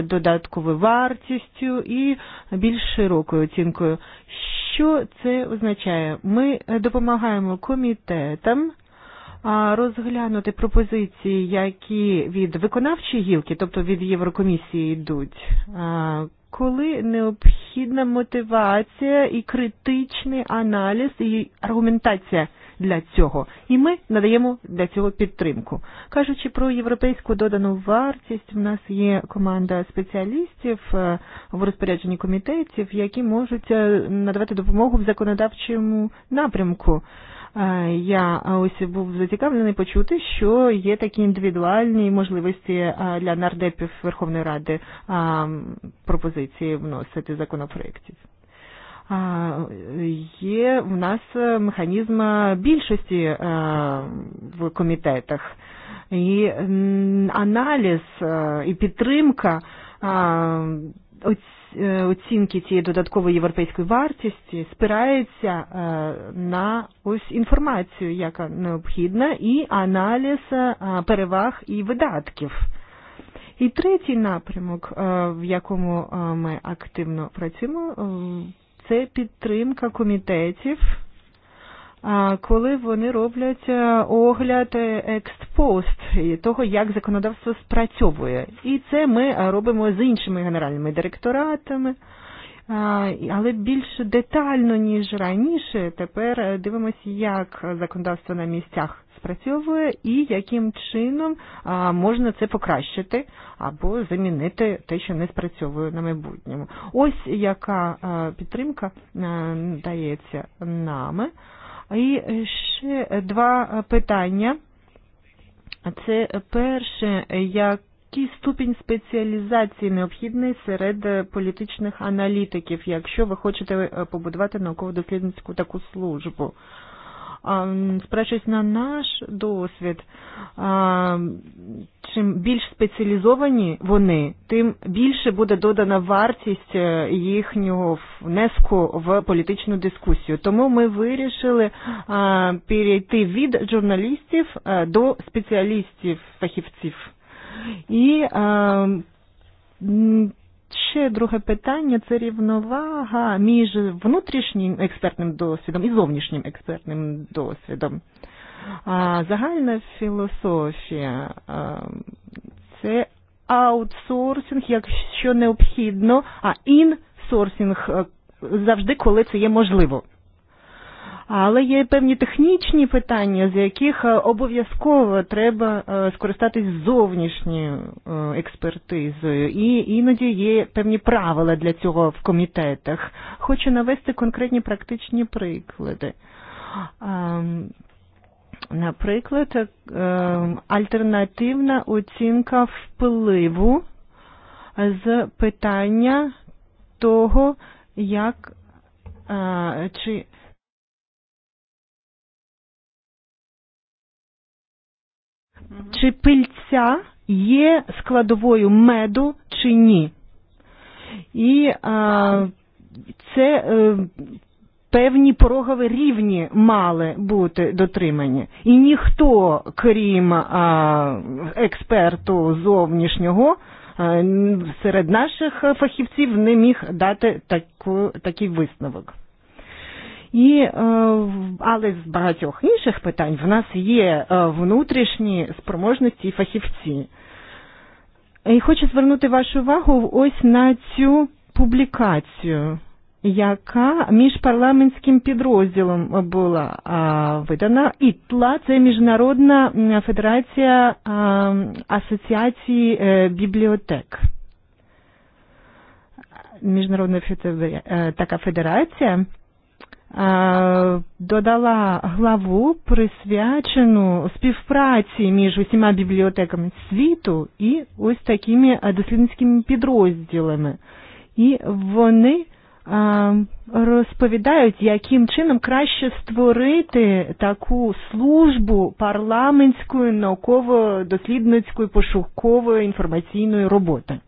додатковою вартістю і більш широкою оцінкою. Що це означає? Ми допомагаємо комітетам розглянути пропозиції, які від виконавчої гілки, тобто від Єврокомісії йдуть, коли необхідна мотивація і критичний аналіз і аргументація – для цього, і ми надаємо для цього підтримку. Кажучи про європейську додану вартість, в нас є команда спеціалістів в розпорядженні комітетів, які можуть надавати допомогу в законодавчому напрямку. Я ось був зацікавлений почути, що є такі індивідуальні можливості для нардепів Верховної Ради пропозиції вносити законопроєктів є в нас э, механізм більшості э, в комітетах. І аналіз і підтримка оцінки цієї додаткової європейської вартості спирається на ось інформацію, яка необхідна, і аналіз переваг і видатків. І третій напрямок, в якому ми активно працюємо, це підтримка комітетів, коли вони роблять огляд експост і того, як законодавство спрацьовує. І це ми робимо з іншими генеральними директоратами. Але більш детально, ніж раніше, тепер дивимося, як законодавство на місцях спрацьовує і яким чином а, можна це покращити або замінити те, що не спрацьовує на майбутньому. Ось яка а, підтримка а, дається нами. І ще два питання. Це перше, як який ступінь спеціалізації необхідний серед політичних аналітиків, якщо ви хочете побудувати науково-дослідницьку таку службу? Спрашиваюсь на наш досвід, чим більш спеціалізовані вони, тим більше буде додана вартість їхнього внеску в політичну дискусію. Тому ми вирішили перейти від журналістів до спеціалістів, фахівців. І ще друге питання це рівновага між внутрішнім експертним досвідом і зовнішнім експертним досвідом. А загальна філософія це аутсорсинг, якщо необхідно, а інсорсинг завжди, коли це є можливо. Але є певні технічні питання, з яких обов'язково треба скористатись зовнішньою експертизою, і іноді є певні правила для цього в комітетах. Хочу навести конкретні практичні приклади. Наприклад, альтернативна оцінка впливу з питання того, як чи Mhm. чи пильця є складовою меду чи ні. І а, це е, певні порогові рівні мали бути дотримані. І ніхто, крім а, експерту зовнішнього, а, серед наших фахівців не міг дати таку, такий висновок. И, але з багатьох інших питань в нас є внутрішні спроможності і фахівці. І хочу звернути вашу увагу ось на цю публікацію, яка між парламентським підрозділом була а, видана. ІТЛА – це Міжнародна федерація а, асоціації а, бібліотек. Міжнародна федерація, така федерація додала главу, присвячену співпраці між усіма бібліотеками світу і ось такими дослідницькими підрозділами. І вони розповідають, яким чином краще створити таку службу парламентської науково-дослідницької пошукової інформаційної роботи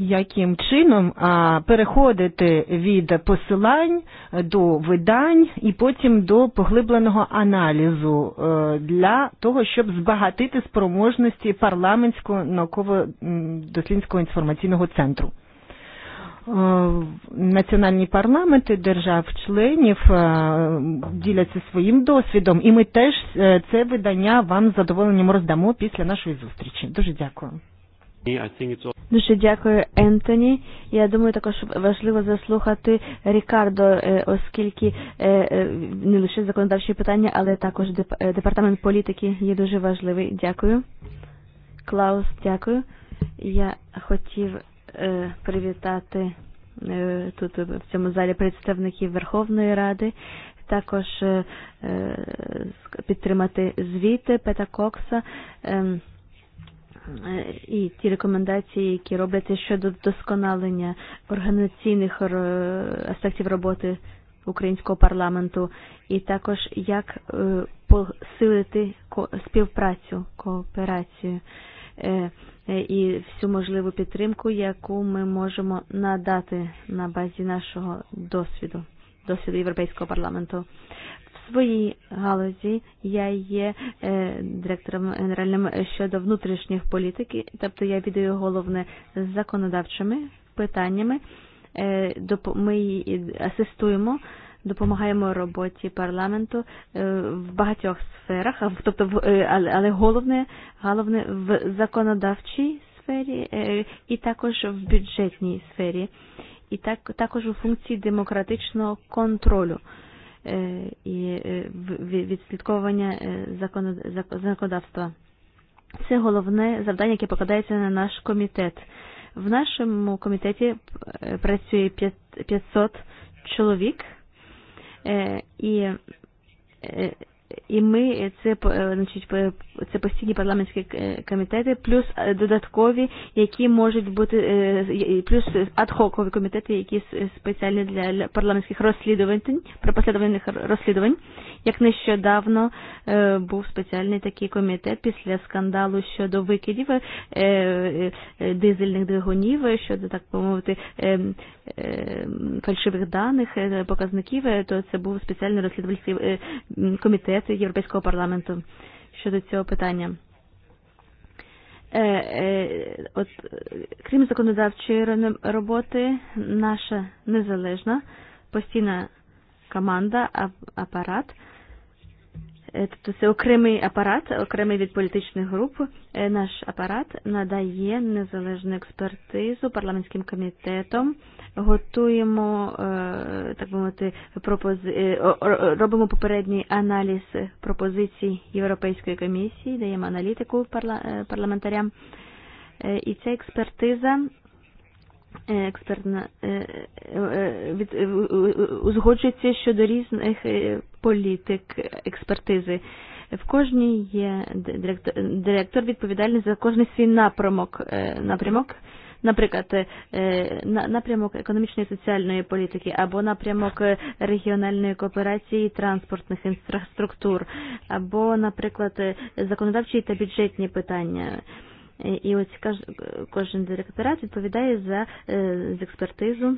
яким чином а, переходити від посилань до видань і потім до поглибленого аналізу а, для того, щоб збагатити спроможності парламентського науково-дослідницького інформаційного центру. Національні парламенти держав-членів діляться своїм досвідом, і ми теж це видання вам з задоволенням роздамо після нашої зустрічі. Дуже дякую. Дуже дякую, Ентоні. Я думаю, також важливо заслухати Рікардо, оскільки не лише законодавчі питання, але також департамент політики є дуже важливий. Дякую. Клаус, дякую. Я хотів привітати тут в цьому залі представників Верховної Ради, також підтримати звіти Пета Кокса і ті рекомендації, які робляться щодо вдосконалення організаційних аспектів роботи українського парламенту, і також як посилити співпрацю, кооперацію і всю можливу підтримку, яку ми можемо надати на базі нашого досвіду, досвіду Європейського парламенту своїй галузі я є директором генеральним щодо внутрішніх політики, тобто я відаю головне з законодавчими питаннями. Ми асистуємо допомагаємо роботі парламенту в багатьох сферах, тобто в але головне, головне в законодавчій сфері і також в бюджетній сфері, і так також у функції демократичного контролю і відслідковування законодавства. Це головне завдання, яке покладається на наш комітет. В нашому комітеті працює 500 чоловік, і І ми це значить це постійні парламентські комітети, плюс додаткові, які можуть бути плюс адхокові комітети, які спеціальні для парламентських розслідувань про послідовних розслідувань. Як нещодавно був спеціальний такий комітет після скандалу щодо викидів дизельних двигунів, щодо так помовити фальшивих даних, показників, то це був спеціальний розслідувальний комітет комітету Європейського парламенту щодо цього питання. От, крім законодавчої роботи, наша незалежна постійна команда, апарат – Тобто це окремий апарат, окремий від політичних груп. Наш апарат надає незалежну експертизу парламентським комітетом. Готуємо, так би мовити, пропози... робимо попередній аналіз пропозицій Європейської комісії, даємо аналітику парла парламентарям. І ця експертиза від узгоджується щодо різних політик експертизи. В кожній є директор, директор відповідальний за кожний свій напрямок напрямок. Наприклад, напрямок економічної і соціальної політики або напрямок регіональної кооперації транспортних інфраструктур, або, наприклад, законодавчі та бюджетні питання и ось кожен директорат відповідає за э, з експертизу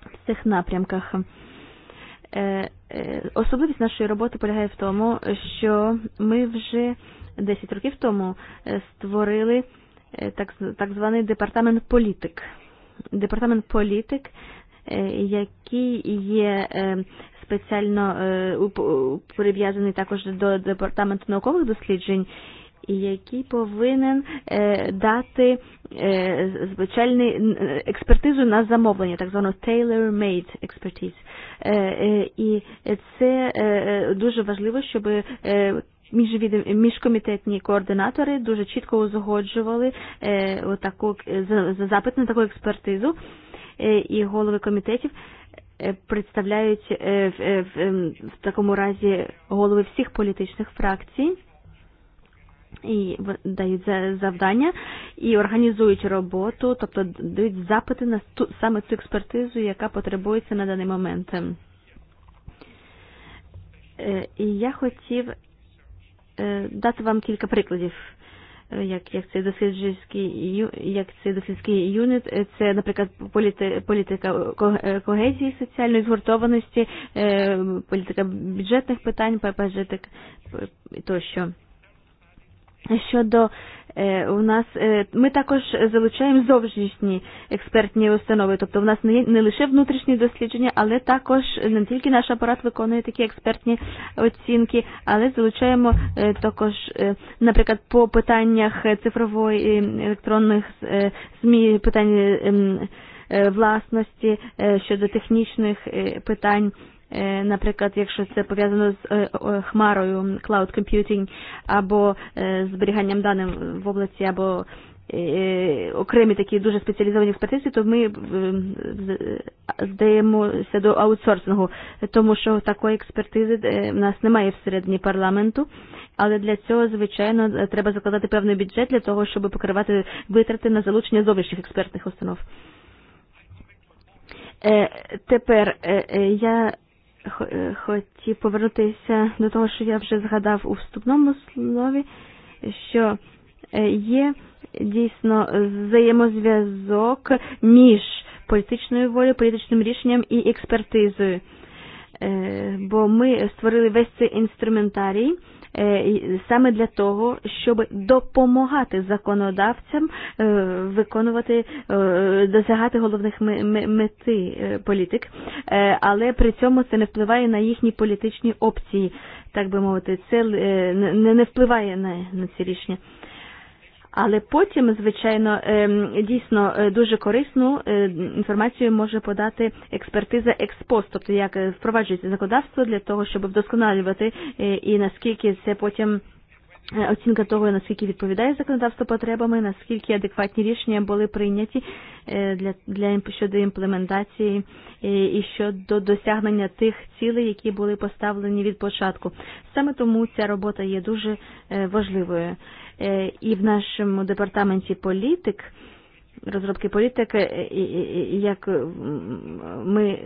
в цих напрямках. Э, э, Особливість нашої роботи полягає в тому, що ми вже 10 років тому створили так, так званий департамент політик. Департамент політик, який є спеціально прив'язаний також до департаменту наукових досліджень який повинен дати звичайний експертизу на замовлення, так звану tailor-made expertise. І це дуже важливо, щоб міжкомітетні координатори дуже чітко узгоджували таку запит на таку експертизу і голови комітетів представляють в такому разі голови всіх політичних фракцій і дають завдання і організують роботу, тобто дають запити на ту, саме цю експертизу, яка потребується на даний момент. І я хотів дати вам кілька прикладів як, як це дослідницький як це дослідницький юніт, це, наприклад, політи, політика когезії соціальної згуртованості, політика бюджетних питань, ППЖ тощо. Щодо у нас ми також залучаємо зовнішні експертні установи, тобто в нас не, не лише внутрішні дослідження, але також не тільки наш апарат виконує такі експертні оцінки, але залучаємо також, наприклад, по питаннях цифрової електронних ЗМІ, питань власності щодо технічних питань наприклад, якщо це пов'язано з хмарою, cloud computing або зберіганням даних в області або окремі такі дуже спеціалізовані експертизи, то ми здаємося до аутсорсингу, тому що такої експертизи в нас немає всередині парламенту, але для цього, звичайно, треба закладати певний бюджет для того, щоб покривати витрати на залучення зовнішніх експертних установ. Тепер я хоті повернутися до того, що я вже згадав у вступному слові, що є дійсно взаємозв'язок між політичною волею, політичним рішенням і експертизою. Бо ми створили весь цей інструментарій саме для того, щоб допомагати законодавцям виконувати, досягати головних мети політик, але при цьому це не впливає на їхні політичні опції, так би мовити, це не впливає на ці рішення але потім, звичайно, дійсно дуже корисну інформацію може подати експертиза експост, тобто як впроваджується законодавство для того, щоб вдосконалювати і наскільки це потім оцінка того, наскільки відповідає законодавство потребами, наскільки адекватні рішення були прийняті для, для щодо імплементації і щодо досягнення тих цілей, які були поставлені від початку. Саме тому ця робота є дуже важливою и в нашому департаменті політик, розробки політик, як ми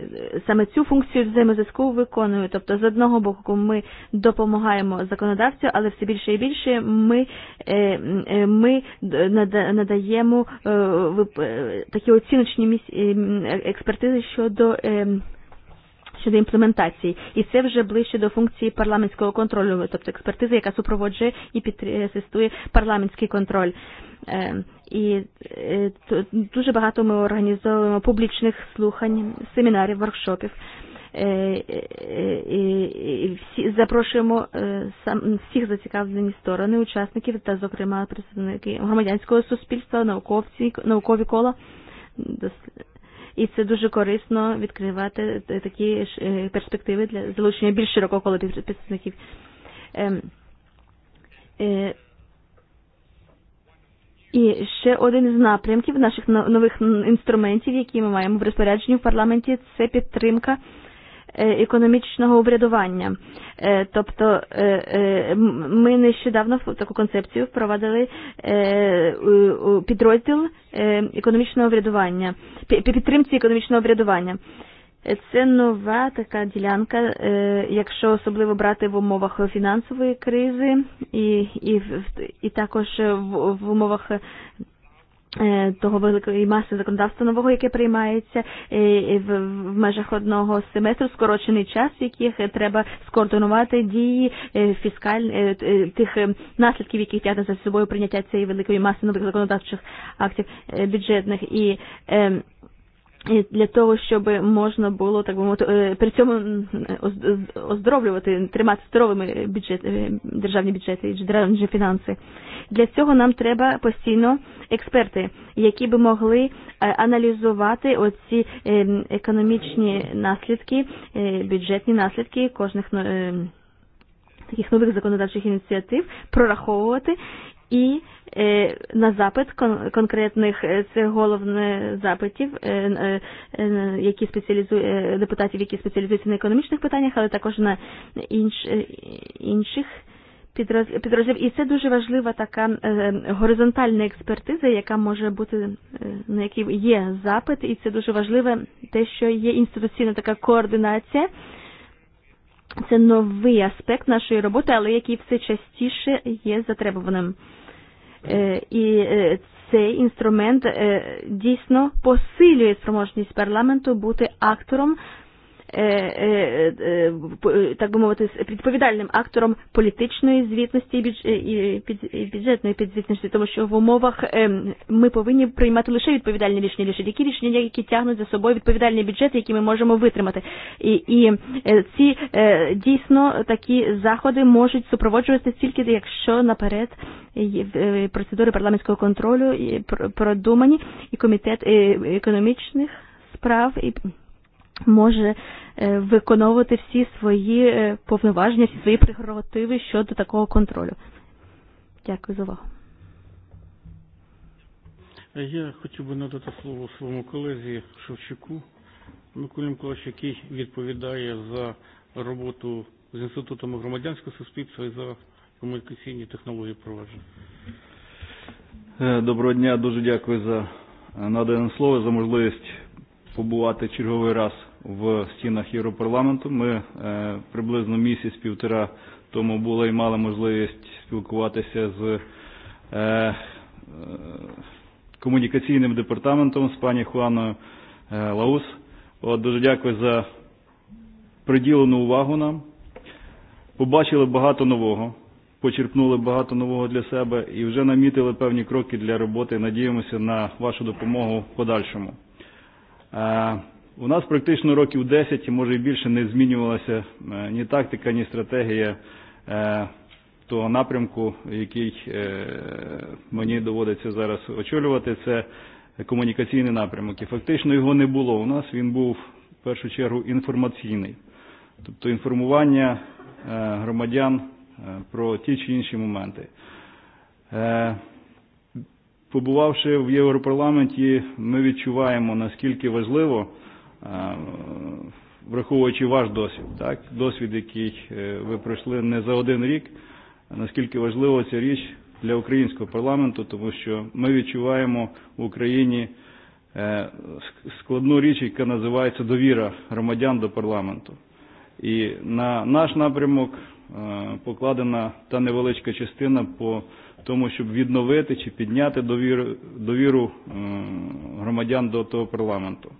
саме цю функцію взаємозв'язку виконуємо. Тобто, з одного боку, ми допомагаємо законодавцю, але все більше і більше ми, nadajemy надаємо такі оціночні експертизи щодо щодо імплементації, і це вже ближче до функції парламентського контролю, тобто експертизи, яка супроводжує і асистує парламентський контроль. І дуже багато ми організовуємо публічних слухань, семінарів, воркшопів всі запрошуємо сам всіх зацікавлені сторони, учасників та, зокрема, представники громадянського суспільства, науковці, наукові кола І це дуже корисно відкривати такі перспективи для залучення більш широкого кола підписників. І ще один із напрямків наших нових інструментів, які ми маємо в розпорядженні в парламенті, це підтримка економічного обрядування. Тобто ми нещодавно таку концепцію впровадили підрозділ економічного врядування, підтримці економічного врядування. Це нова така ділянка, якщо особливо брати в умовах фінансової кризи і, і, і також в, в умовах того великої маси законодавства нового, яке приймається в межах одного семестру, скорочений час, в яких треба скоординувати дії фіскальних тих наслідків, які тягне за собою прийняття цієї великої маси нових законодавчих актів бюджетних і для того, щоб можна було так би мовити, при цьому оздоровлювати, тримати здоровими бюджет, державні бюджети і державні фінанси. Для цього нам треба постійно експерти, які би могли аналізувати оці економічні наслідки, бюджетні наслідки кожних таких нових законодавчих ініціатив, прораховувати і на запит конкретних цих головних запитів, які спеціалізує депутатів, які спеціалізуються на економічних питаннях, але також на інш, інших підрозділів. І це дуже важлива така горизонтальна експертиза, яка може бути на якій є запит, і це дуже важливе те, що є інституційна така координація Це новий аспект нашої роботи, але який все частіше є затребуваним. І цей інструмент дійсно посилює спроможність парламенту бути актором так би мовити, відповідальним актором політичної звітності і бюджетної підзвітності, тому що в умовах ми повинні приймати лише відповідальні рішення, лише які рішення, які тягнуть за собою відповідальні бюджети, які ми можемо витримати. І, і ці дійсно такі заходи можуть супроводжуватися тільки якщо наперед процедури парламентського контролю продумані і комітет економічних справ і може виконувати всі свої повноваження, всі свої прерогативи щодо такого контролю. Дякую за увагу. Я хотів би надати слово своєму колезі Шевчуку Миколі Миколаївичу, який відповідає за роботу з Інститутом громадянського суспільства і за комунікаційні технології провадження. Доброго дня, дуже дякую за надане слово, за можливість побувати черговий раз в стінах Європарламенту. Ми приблизно місяць-півтора тому були і мали можливість спілкуватися з комунікаційним департаментом з пані Хуаною Лаус. От, дуже дякую за приділену увагу нам. Побачили багато нового, почерпнули багато нового для себе і вже намітили певні кроки для роботи. Надіємося на вашу допомогу в подальшому. У нас практично років 10 і може і більше не змінювалася ні тактика, ні стратегія того напрямку, який мені доводиться зараз очолювати, це комунікаційний напрямок. І фактично його не було у нас, він був в першу чергу інформаційний. Тобто інформування громадян про ті чи інші моменти. Побувавши в Європарламенті, ми відчуваємо, наскільки важливо – враховуючи ваш досвід, так? досвід, який ви пройшли не за один рік, наскільки важлива ця річ для українського парламенту, тому що ми відчуваємо в Україні складну річ, яка називається довіра громадян до парламенту. І на наш напрямок покладена та невеличка частина по тому, щоб відновити чи підняти довіру, довіру громадян до того парламенту.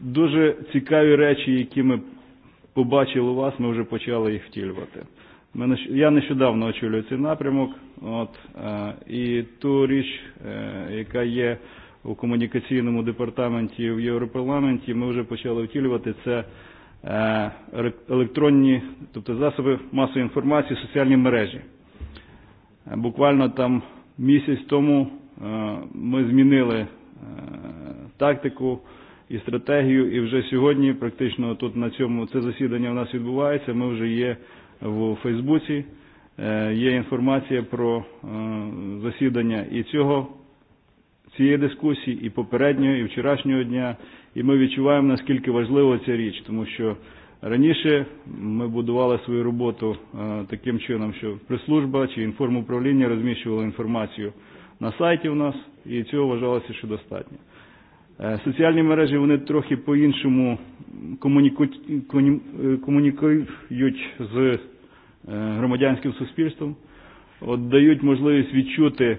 Дуже цікаві речі, які ми побачили у вас, ми вже почали їх втілювати. Я нещодавно очолюю цей напрямок, от, і ту річ, яка є у комунікаційному департаменті в Європарламенті, ми вже почали втілювати, це електронні, тобто засоби масової інформації, соціальні мережі. Буквально там місяць тому ми змінили тактику і стратегію. І вже сьогодні, практично тут на цьому це засідання в нас відбувається. Ми вже є в Фейсбуці. Є інформація про засідання і цього цієї дискусії, і попереднього, і вчорашнього дня. І ми відчуваємо, наскільки важлива ця річ, тому що раніше ми будували свою роботу таким чином, що прислужба чи інформуправління розміщувала інформацію на сайті у нас, і цього вважалося, що достатньо. Соціальні мережі вони трохи по-іншому комунікують, з громадянським суспільством, от дають можливість відчути,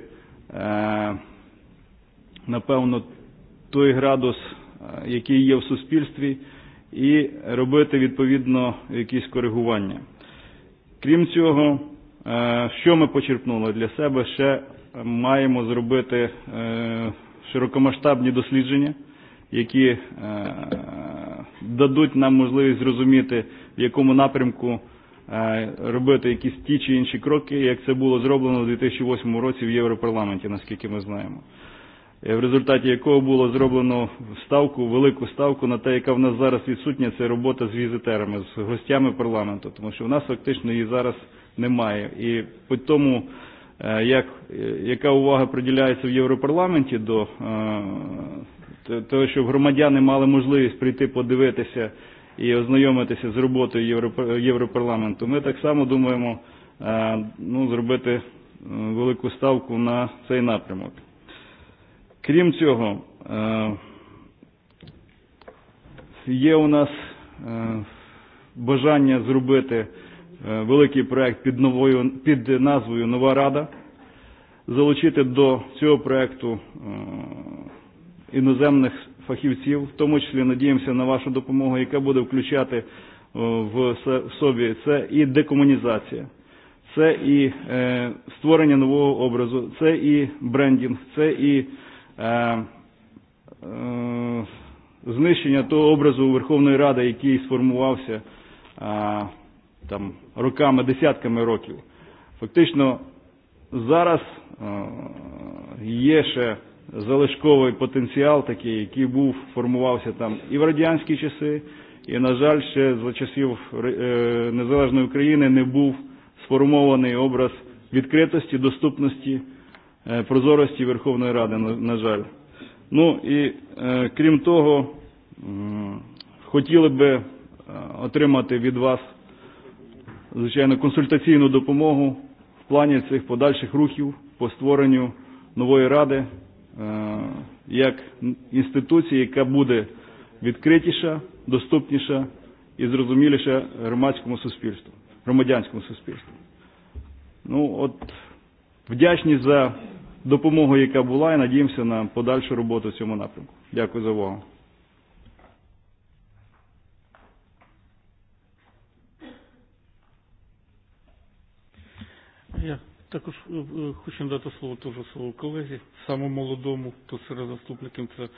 напевно, той градус, який є в суспільстві, і робити відповідно якісь коригування. Крім цього, що ми почерпнули для себе, ще маємо зробити широкомасштабні дослідження, які дадуть нам можливість зрозуміти, в якому напрямку робити якісь ті чи інші кроки, як це було зроблено у 2008 році в Європарламенті, наскільки ми знаємо. В результаті якого було зроблено ставку, велику ставку на те, яка в нас зараз відсутня, це робота з візитерами, з гостями парламенту, тому що в нас фактично її зараз немає. І по тому як, яка увага приділяється в Європарламенті до того, щоб громадяни мали можливість прийти подивитися і ознайомитися з роботою Європарламенту, ми так само думаємо ну, зробити велику ставку на цей напрямок. Крім цього, є у нас бажання зробити великий проект під, новою, під назвою Нова Рада, залучити до цього проекту іноземних фахівців, в тому числі надіємося на вашу допомогу, яка буде включати в собі це і декомунізація, це і створення нового образу, це і брендінг, це і знищення того образу Верховної Ради, який сформувався там роками, десятками років. Фактично зараз є ще залишковий потенціал такий, який був, формувався там і в радянські часи, і, на жаль, ще за часів Незалежної України не був сформований образ відкритості, доступності, прозорості Верховної Ради, на жаль. Ну і крім того, хотіли би отримати від вас звичайно, консультаційну допомогу в плані цих подальших рухів по створенню нової ради як інституції, яка буде відкритіша, доступніша і зрозуміліша громадському суспільству, громадянському суспільству. Ну, от вдячні за допомогу, яка була, і надіємося на подальшу роботу в цьому напрямку. Дякую за увагу. Yeah. Також э, э, хочу дать слово тоже своєму колезі, самому молодому, то серед заступників це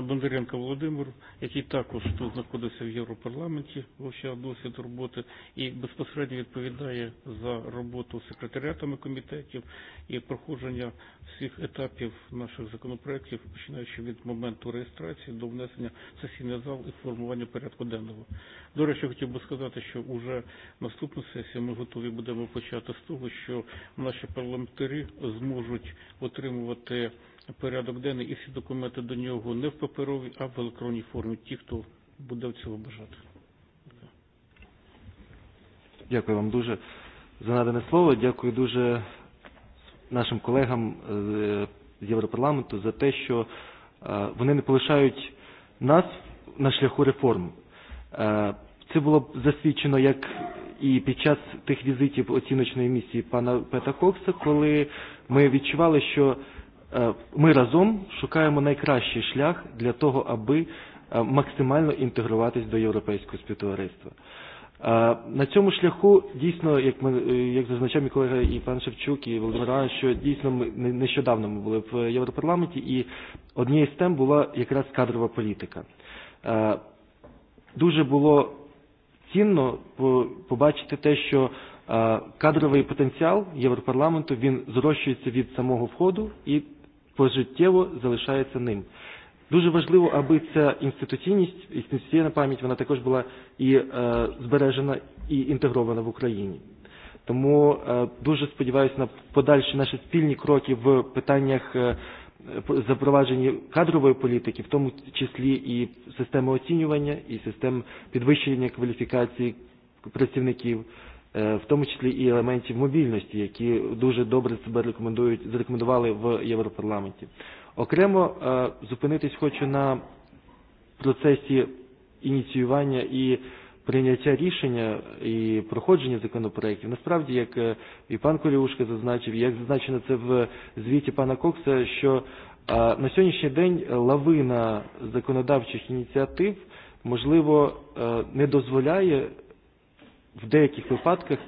Бондаренко Володимиру, який також тут знаходився в Європарламенті, вивчав досвід роботи і безпосередньо відповідає за роботу секретаріатами комітетів і проходження всіх етапів наших законопроектів, починаючи від моменту реєстрації до внесення в сесійний зал і формування порядку денного. До речі, хотів би сказати, що вже наступну сесію ми готові будемо почати з того, що наші наші парламентарі зможуть отримувати порядок денний і всі документи до нього не в паперовій, а в електронній формі, ті, хто буде цього бажати. Дякую вам дуже за надане слово. Дякую дуже нашим колегам з Європарламенту за те, що вони не полишають нас на шляху реформ. Це було засвідчено як і під час тих візитів оціночної місії пана Петаковса, коли ми відчували, що ми разом шукаємо найкращий шлях для того, аби максимально інтегруватись до європейського співтовариства. На цьому шляху дійсно, як ми як зазначав мій колега і пан Шевчук, і Володимир що дійсно ми нещодавно ми були в Європарламенті, і однією з тем була якраз кадрова політика. Дуже було цінно побачити те, що кадровий потенціал Європарламенту він зрощується від самого входу і пожиттєво залишається ним. Дуже важливо, аби ця інституційність, інституційна пам'ять, вона також була і е, збережена, і інтегрована в Україні. Тому е, дуже сподіваюся на подальші наші спільні кроки в питаннях е, Э, запровадженні кадрової політики, в тому числі і системи оцінювання, і систем підвищення кваліфікації працівників, в тому числі і елементів мобільності, які дуже добре себе рекомендують, зарекомендували в Європарламенті. Окремо зупинитись хочу на процесі ініціювання і прийняття рішення і проходження законопроектів, Насправді, як і пан Коліушка зазначив, як зазначено це в звіті пана Кокса, що на сьогоднішній день лавина законодавчих ініціатив, можливо, не дозволяє в деяких випадках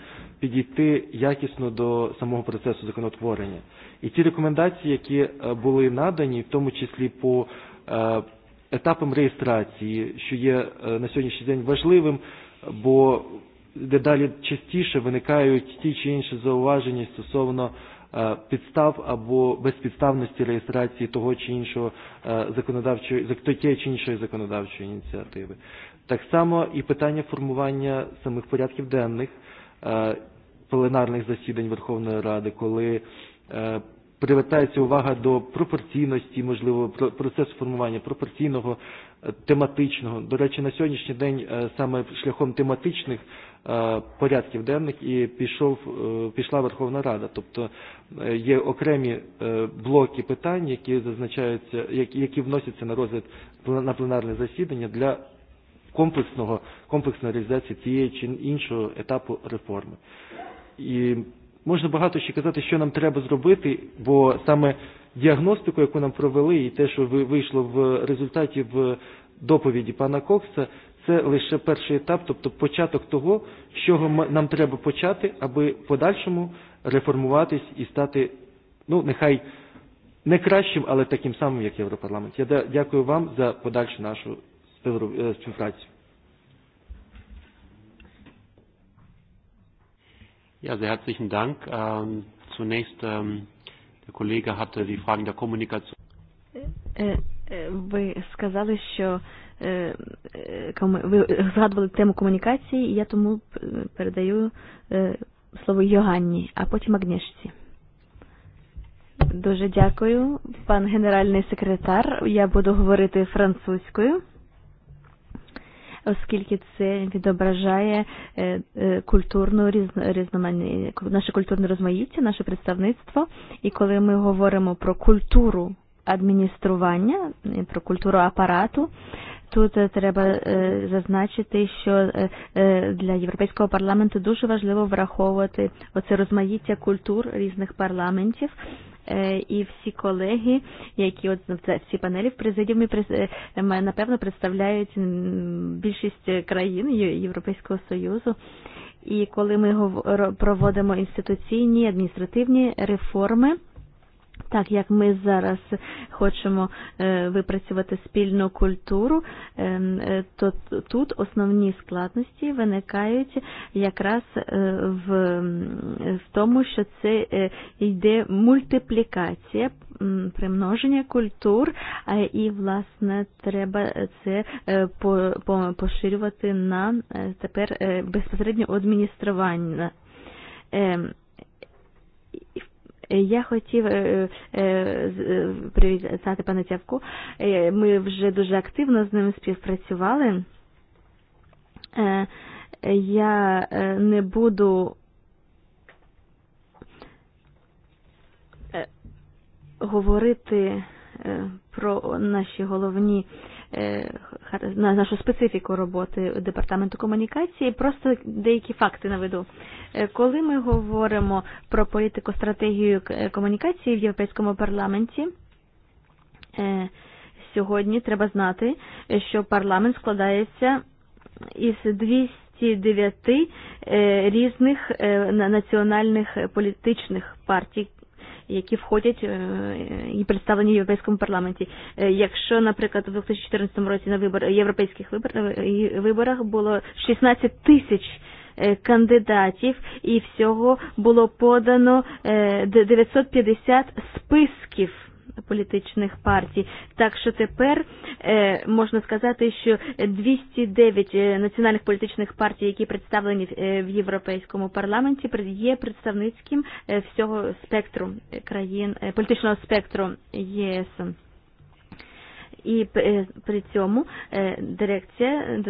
підійти якісно до самого процесу законотворення. І ті рекомендації, які були надані, в тому числі по етапом реєстрації, що є на сьогоднішній день важливим, бо дедалі частіше виникають ті чи інші зауваження стосовно підстав або безпідставності реєстрації того чи іншого законодавчої, чи іншої законодавчої ініціативи. Так само і питання формування самих порядків денних пленарних засідань Верховної Ради, коли привертається увага до пропорційності, можливо, процесу формування пропорційного, тематичного. До речі, на сьогоднішній день саме шляхом тематичних порядків денних і пішов, пішла Верховна Рада. Тобто є окремі блоки питань, які зазначаються, які вносяться на розгляд на пленарне засідання для комплексного, комплексної реалізації цієї чи іншого етапу реформи. І можна багато ще казати, що нам треба зробити, бо саме діагностику, яку нам провели, і те, що вийшло в результаті в доповіді пана Кокса, це лише перший етап, тобто початок того, з чого нам треба почати, аби в подальшому реформуватись і стати, ну, нехай не кращим, але таким самим, як Європарламент. Я дякую вам за подальшу нашу співпрацю. Ja, sehr herzlichen Dank. Ähm, zunächst, ähm, der Kollege hatte die Fragen der Kommunikation. Ви сказали, що ви згадували тему комунікації, і я тому передаю слово Йоганні, а потім Агнішці. Дуже дякую, пан генеральний секретар. Я буду говорити французькою оскільки це відображає культурну різноманітність, наше культурне розмаїття, наше представництво. І коли ми говоримо про культуру адміністрування, про культуру апарату, тут треба зазначити, що для Європейського парламенту дуже важливо враховувати оце розмаїття культур різних парламентів і всі колеги, які от в цій панелі в президіумі напевно представляють більшість країн Європейського Союзу. І коли ми проводимо інституційні адміністративні реформи, Так як ми зараз хочемо випрацювати спільну культуру, то тут основні складності виникають якраз в, в тому, що це йде мультиплікація, примноження культур, і власне треба це поширювати на тепер безпосередньо адміністрування. Я хотів привітати пана Тявку. Ми вже дуже активно з ними співпрацювали. Я не буду говорити про наші головні на нашу специфіку роботи департаменту комунікації, просто деякі факти наведу. Коли ми говоримо про політику стратегію комунікації в Європейському парламенті, сьогодні треба знати, що парламент складається із 209 різних національних політичних партій які входять і представлені в Європейському парламенті. Якщо, наприклад, у 2014 році на вибор європейських вибор, виборах було 16 тисяч кандидатів і всього було подано 950 списків політичних партій. Так що тепер можна сказати, що 209 національних політичних партій, які представлені в Європейському парламенті, є представницьким всього спектру країн політичного спектру ЄС. І при цьому дирекція,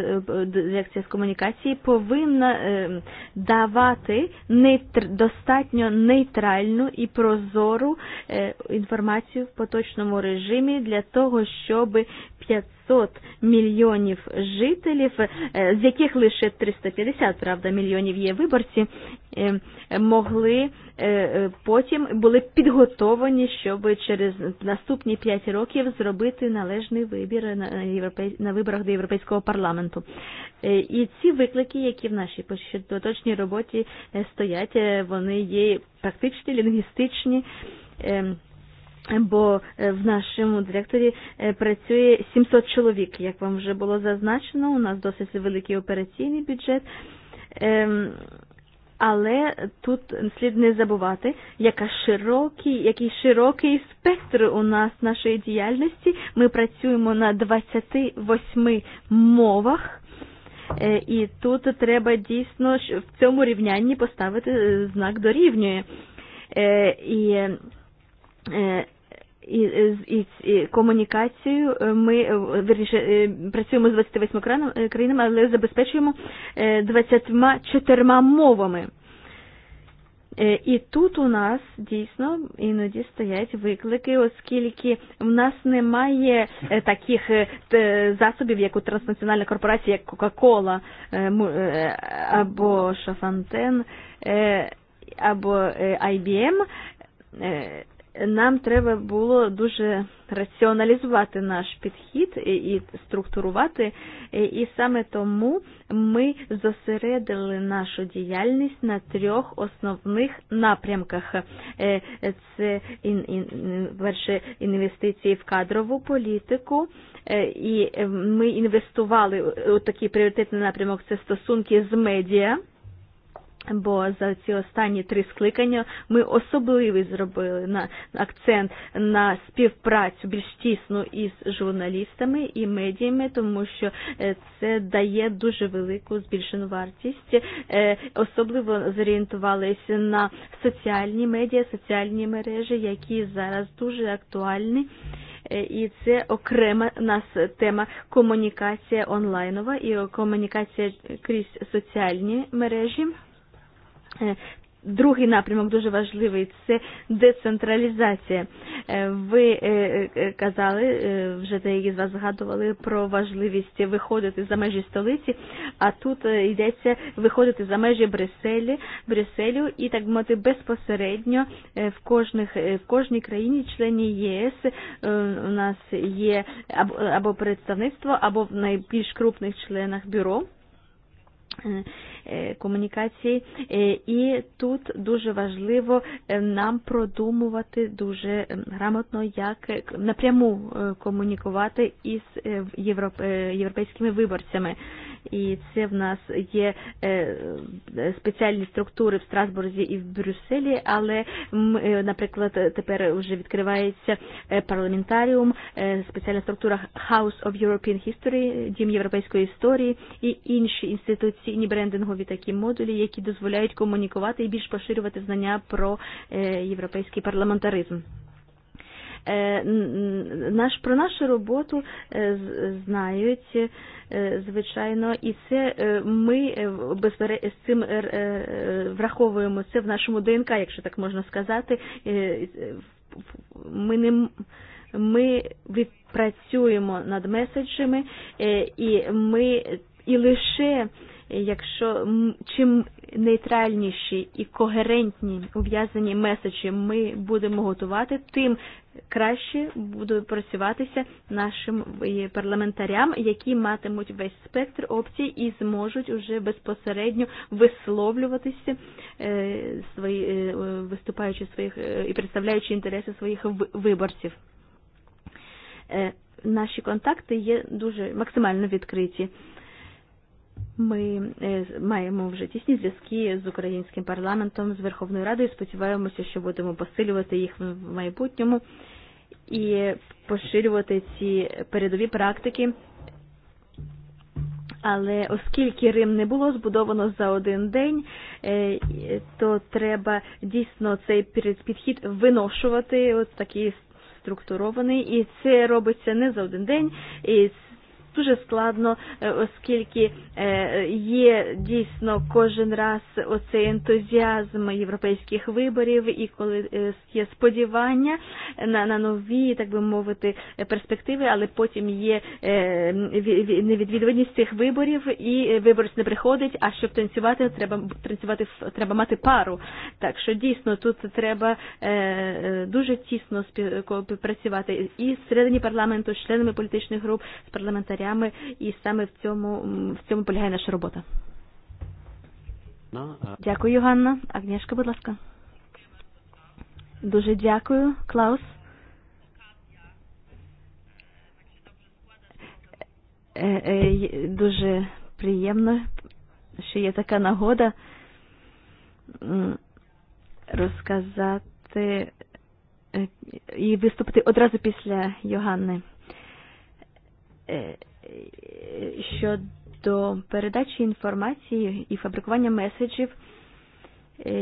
дирекція з комунікації повинна давати нейтр, достатньо нейтральну і прозору інформацію в поточному режимі для того, 500 500 мільйонів жителів, э, з яких лише 350, правда, мільйонів є виборці, э, могли э, потім були підготовані, щоб через наступні 5 років зробити належний вибір на, європей... на виборах до Європейського парламенту. І ці виклики, які в нашій поточній роботі стоять, вони є практичні, лінгвістичні бо в нашому директорі працює 700 чоловік. Як вам вже було зазначено, у нас досить великий операційний бюджет. Але тут слід не забувати, яка широкий, який широкий спектр у нас нашої діяльності. Ми працюємо на 28 мовах. І тут треба дійсно в цьому рівнянні поставити знак дорівнює. І і комунікацію. Ми вірніше працюємо з 28 країнами, але забезпечуємо 24 э, мовами. І тут у нас дійсно іноді стоять виклики, оскільки в нас немає таких засобів, як у транснаціональна корпорація, як Coca-Cola або Шафантен, або IBM нам треба було дуже раціоналізувати наш підхід і структурувати, і саме тому ми зосередили нашу діяльність на трьох основних напрямках. Це перше інвестиції в кадрову політику, і ми інвестували у такий пріоритетний напрямок це стосунки з медіа. Бо за ці останні три скликання ми особливий зробили на акцент на співпрацю більш тісну із журналістами і медіями, тому що це дає дуже велику збільшену вартість. Особливо зорієнтувалися на соціальні медіа, соціальні мережі, які зараз дуже актуальні і це окрема нас тема комунікація онлайнова і комунікація крізь соціальні мережі. Другий напрямок дуже важливий це децентралізація. Ви казали, вже деякі з вас згадували про важливість виходити за межі столиці, а тут йдеться виходити за межі Брюсселі, Брюсселю і так мати безпосередньо в кожних в кожній країні члені ЄС у нас є або, або представництво, або в найбільш крупних членах бюро Э, комунікації, і э, тут дуже важливо э, нам продумувати дуже грамотно, як напряму комунікувати із європейськими виборцями. І це в нас є спеціальні структури в Страсбурзі і в Брюсселі, але, наприклад, тепер вже відкривається парламентаріум, спеціальна структура House of European History, Дім європейської історії і інші інституційні брендингові такі модулі, які дозволяють комунікувати і більш поширювати знання про європейський парламентаризм. Наш про нашу роботу знають звичайно, і це ми без з цим враховуємо це в нашому ДНК, якщо так можна сказати. Ми не ми відпрацюємо над меседжами і ми і лише якщо чим Нейтральніші і когерентні ув'язані меседжі ми будемо готувати, тим краще буде працюватися нашим парламентарям, які матимуть весь спектр опцій і зможуть уже безпосередньо висловлюватися свої виступаючи своїх і представляючи інтереси своїх виборців. Наші контакти є дуже максимально відкриті. Ми э, маємо вже тісні зв'язки з українським парламентом, з Верховною Радою. Сподіваємося, що будемо посилювати їх в майбутньому і поширювати ці передові практики. Але оскільки Рим не було збудовано за один день, то треба дійсно цей підхід виношувати, от такий структурований, і це робиться не за один день, і дуже складно, оскільки є дійсно кожен раз оцей ентузіазм європейських виборів, і коли є сподівання на, на нові, так би мовити, перспективи, але потім є невідвідуваність цих виборів, і виборець не приходить, а щоб танцювати, треба танцювати треба мати пару. Так що дійсно тут треба дуже тісно співпрацювати і всередині парламенту, з членами політичних груп, з парламентарями прямо і саме в цьому в цьому полягає наша робота. Дякую, Ганна. Агнешка, будь ласка. Дуже дякую, Клаус. Дуже приємно, що є така нагода розказати і виступити одразу після Йоганни щодо передачі інформації і фабрикування меседжів,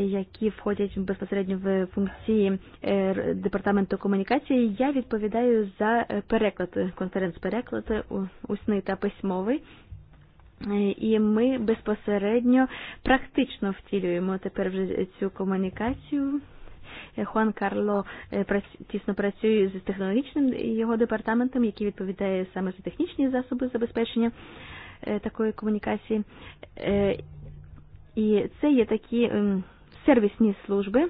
які входять безпосередньо в функції департаменту комунікації, я відповідаю за переклад, конференц-переклад, усний та письмовий. І ми безпосередньо практично втілюємо тепер вже цю комунікацію Хуан Карло тісно працює з технологічним його департаментом, який відповідає саме за технічні засоби забезпечення такої комунікації. І це є такі сервісні служби,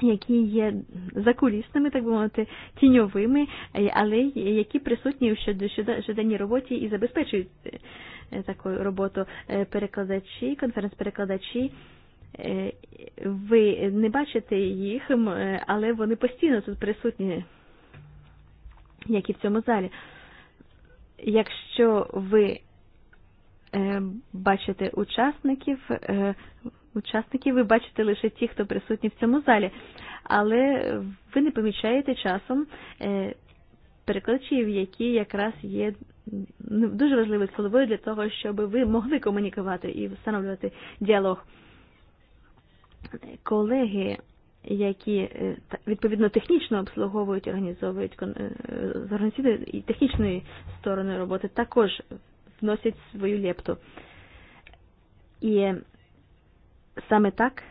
які є закулісними, так би мовити, тіньовими, але які присутні у щоденній роботі і забезпечують таку роботу перекладачі, конференц-перекладачі ви не бачите їх, але вони постійно тут присутні, як і в цьому залі. Якщо ви бачите учасників, учасників ви бачите лише ті, хто присутні в цьому залі, але ви не помічаєте часом перекладачів, які якраз є дуже важливою складовою для того, щоб ви могли комунікувати і встановлювати діалог колеги, які відповідно технічно обслуговують, організовують з організаційної і технічної сторони роботи, також вносять свою лепту. І саме так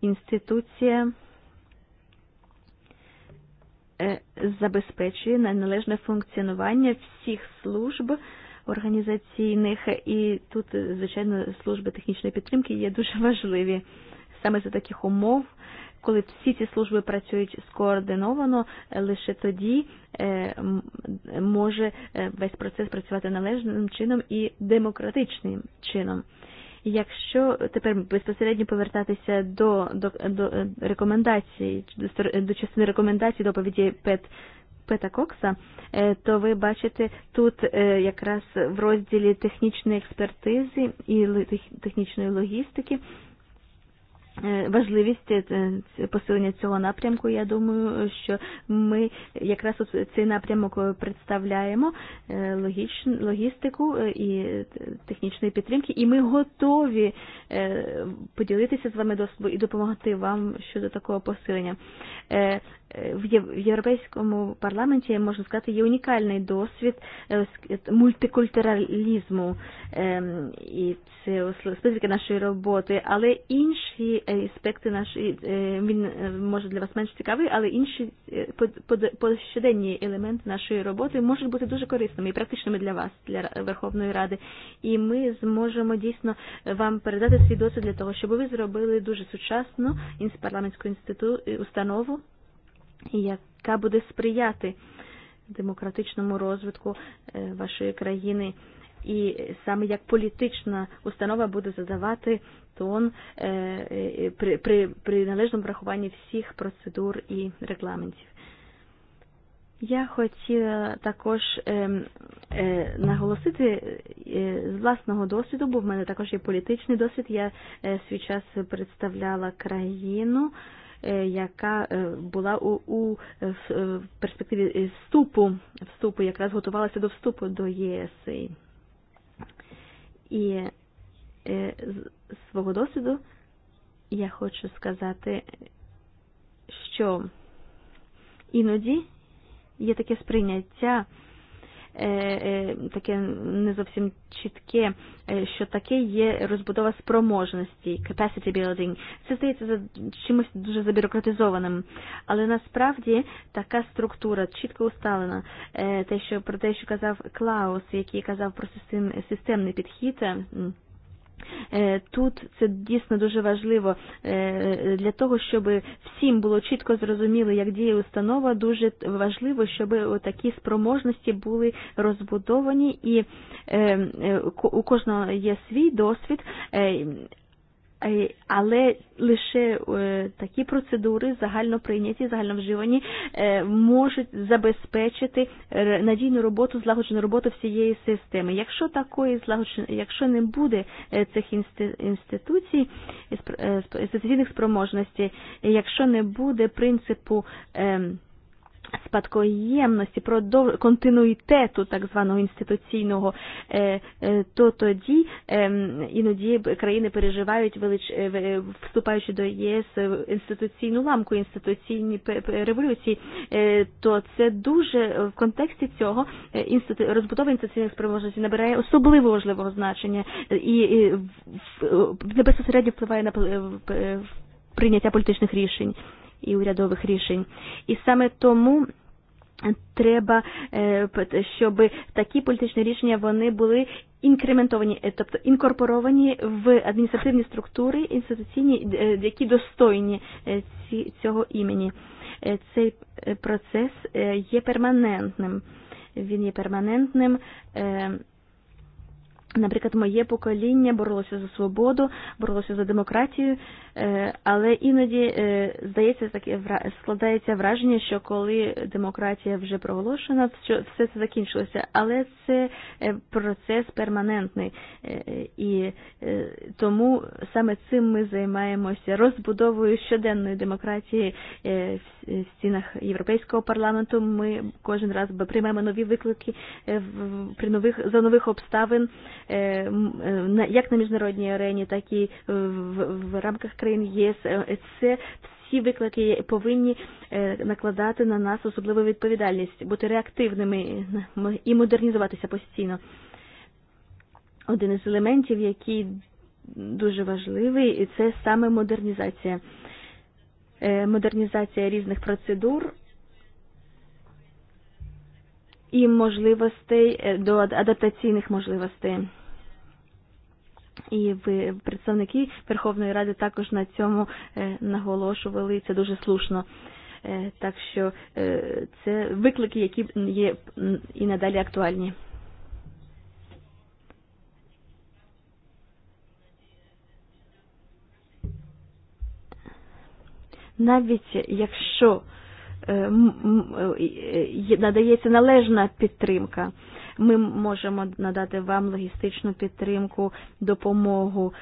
інституція забезпечує належне функціонування всіх служб, організаційних, і тут, звичайно, служби технічної підтримки є дуже важливі саме за таких умов. Коли всі ці служби працюють скоординовано, лише тоді може весь процес працювати належним чином і демократичним чином. Якщо тепер безпосередньо повертатися до, до, до рекомендацій, до, до частини рекомендацій доповіді ПЕТ Пета Кокса, э, то ви бачите тут э, якраз в розділі технічної експертизи і технічної логістики важливість посилення цього напрямку. Я думаю, що ми якраз цей напрямок представляємо логістику і технічної підтримки, і ми готові поділитися з вами і допомогти вам щодо такого посилення в Європейському парламенті, можна сказати, є унікальний досвід э, мультикультуралізму і це нашей нашої роботи, але інші э, аспекти нашої, він э, може для вас менш цікавий, але інші щоденні елементи нашої роботи можуть бути дуже корисними і практичними для вас, для Верховної Ради. І ми зможемо дійсно вам передати свій досвід для того, щоб ви зробили дуже сучасну парламентскую інститу установу яка буде сприяти демократичному розвитку вашої країни. І саме як політична установа буде задавати тон при, при, при належному врахуванні всіх процедур і регламентів. Я хотіла також е, е, наголосити е, з власного досвіду, бо в мене також є політичний досвід. Я е, свій час представляла країну яка була у, у перспективі вступу, вступу якраз готувалася до вступу до ЄС. І з свого досвіду я хочу сказати, що іноді є таке сприйняття таке не зовсім чітке, що таке є розбудова спроможності, capacity building. Це здається за чимось дуже забюрократизованим, але насправді така структура чітко усталена. Те, що про те, що казав Клаус, який казав про систем системний підхід, Тут це дійсно дуже важливо для того, щоб всім було чітко зрозуміло, як діє установа. Дуже важливо, щоб такі спроможності були розбудовані, і у кожного є свій досвід. Але лише такі процедури загально прийняті, загально вживані, можуть забезпечити надійну роботу, злагоджену роботу всієї системи. Якщо такої злагодженої, якщо не буде цих інституцій, інституційних спроможностей, якщо не буде принципу спадкоємності, про континуїтету так званого інституційного, то тоді іноді країни переживають велич... вступаючи до ЄС інституційну ламку, інституційні революції, то це дуже в контексті цього інститу... розбудова інституційних спроможностей набирає особливо важливого значення і безпосередньо впливає на прийняття політичних рішень і урядових рішень. І саме тому треба, щоб такі політичні рішення вони були інкрементовані, тобто інкорпоровані в адміністративні структури інституційні, які достойні цього імені. Цей процес є перманентним. Він є перманентним Наприклад, моє покоління боролося за свободу, боролося за демократію, але іноді здається таке складається враження, що коли демократія вже проголошена, що все це закінчилося. Але це процес перманентний, і тому саме цим ми займаємося розбудовою щоденної демократії стінах Європейського парламенту ми кожен раз приймаємо нові виклики э, при нових за нових обставин э, э, як на міжнародній арені, так і в рамках країн ЄС. Це всі виклики повинні накладати на нас особливу відповідальність, бути реактивними і модернізуватися постійно. Один із елементів, який дуже важливий, це саме модернізація модернізація різних процедур і можливостей до адаптаційних можливостей. І ви представники Верховної Ради також на цьому наголошували це дуже слушно. Так що це виклики, які є і надалі актуальні. навіть якщо надається належна підтримка. Ми можемо надати вам логістичну підтримку, допомогу